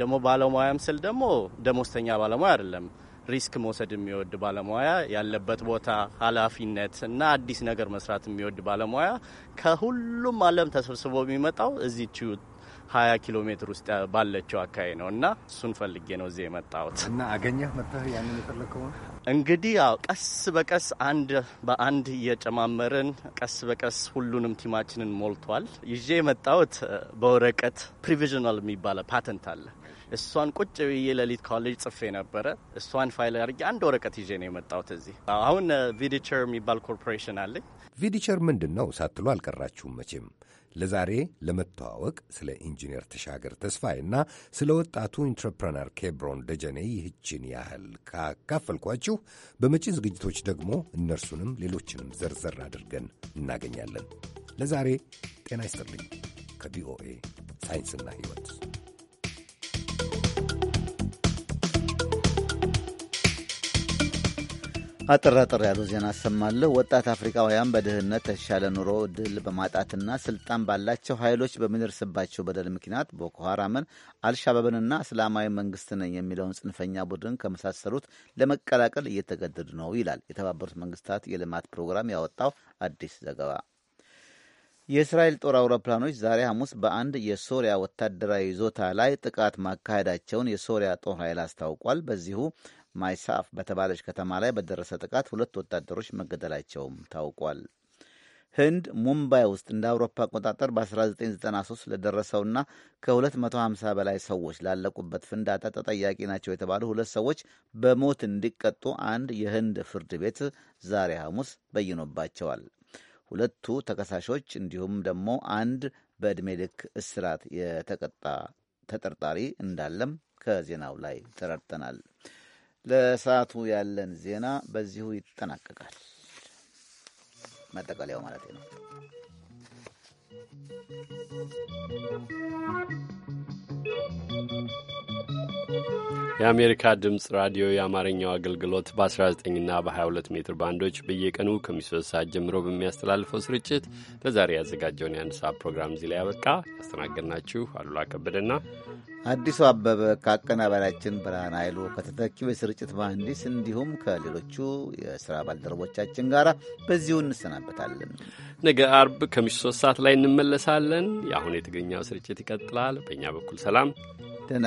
ደግሞ ባለሙያም ስል ደግሞ ደሞዝተኛ ባለሙያ አይደለም። ሪስክ መውሰድ የሚወድ ባለሙያ ያለበት ቦታ፣ ኃላፊነት እና አዲስ ነገር መስራት የሚወድ ባለሙያ ከሁሉም ዓለም ተሰብስቦ የሚመጣው እዚች 20 ኪሎ ሜትር ውስጥ ባለችው አካባቢ ነው እና እሱን ፈልጌ ነው እዚህ የመጣሁት። እና አገኘህ መጥተህ ያንን የፈለግከው እንግዲህ ያው ቀስ በቀስ አንድ በአንድ እየጨማመርን ቀስ በቀስ ሁሉንም ቲማችንን ሞልቷል። ይዤ የመጣሁት በወረቀት ፕሪቪዥናል የሚባለ ፓተንት አለ እሷን ቁጭ ብዬ ሌሊት ኮሌጅ ጽፌ ነበረ። እሷን ፋይል አድርጌ አንድ ወረቀት ይዤ ነው የመጣሁት እዚህ። አሁን ቪዲቸር የሚባል ኮርፖሬሽን አለኝ። ቪዲቸር ምንድን ነው ሳትሉ አልቀራችሁም መቼም። ለዛሬ ለመተዋወቅ ስለ ኢንጂነር ተሻገር ተስፋዬና ስለ ወጣቱ ኢንትረፕረነር ኬብሮን ደጀኔ ይህችን ያህል ካካፈልኳችሁ በመጪ ዝግጅቶች ደግሞ እነርሱንም ሌሎችንም ዘርዘር አድርገን እናገኛለን። ለዛሬ ጤና ይስጥልኝ። ከቪኦኤ ሳይንስና ሕይወት አጠር አጠር ያሉ ዜና አሰማለሁ። ወጣት አፍሪካውያን በድህነት የተሻለ ኑሮ ድል በማጣትና ስልጣን ባላቸው ኃይሎች በሚደርስባቸው በደል ምክንያት ቦኮ ሐራምን፣ አልሻባብንና እስላማዊ መንግስት ነኝ የሚለውን ጽንፈኛ ቡድን ከመሳሰሉት ለመቀላቀል እየተገደዱ ነው ይላል የተባበሩት መንግስታት የልማት ፕሮግራም ያወጣው አዲስ ዘገባ። የእስራኤል ጦር አውሮፕላኖች ዛሬ ሐሙስ በአንድ የሶሪያ ወታደራዊ ይዞታ ላይ ጥቃት ማካሄዳቸውን የሶሪያ ጦር ኃይል አስታውቋል። በዚሁ ማይሳፍ በተባለች ከተማ ላይ በደረሰ ጥቃት ሁለት ወታደሮች መገደላቸውም ታውቋል። ህንድ ሙምባይ ውስጥ እንደ አውሮፓ አቆጣጠር በ1993 ለደረሰውና ከ250 በላይ ሰዎች ላለቁበት ፍንዳታ ተጠያቂ ናቸው የተባሉ ሁለት ሰዎች በሞት እንዲቀጡ አንድ የህንድ ፍርድ ቤት ዛሬ ሐሙስ በይኖባቸዋል። ሁለቱ ተከሳሾች እንዲሁም ደግሞ አንድ በዕድሜ ልክ እስራት የተቀጣ ተጠርጣሪ እንዳለም ከዜናው ላይ ተረድተናል። ለሰዓቱ ያለን ዜና በዚሁ ይጠናቀቃል። መጠቀለያው ማለት ነው። Thank you. የአሜሪካ ድምፅ ራዲዮ የአማርኛው አገልግሎት በ19ና በ22 ሜትር ባንዶች በየቀኑ ከሚሶስት ሰዓት ጀምሮ በሚያስተላልፈው ስርጭት ለዛሬ ያዘጋጀውን የአንድ ሰዓት ፕሮግራም እዚህ ላይ ያበቃ። ያስተናገድናችሁ አሉላ ከበደና አዲሱ አበበ ከአቀናባሪያችን ብርሃን ኃይሉ ከተተኪው የስርጭት መሐንዲስ እንዲሁም ከሌሎቹ የስራ ባልደረቦቻችን ጋር በዚሁ እንሰናበታለን። ነገ አርብ ከምሽቱ ሶስት ሰዓት ላይ እንመለሳለን። የአሁን የትግርኛው ስርጭት ይቀጥላል። በእኛ በኩል ሰላም፣ ደህና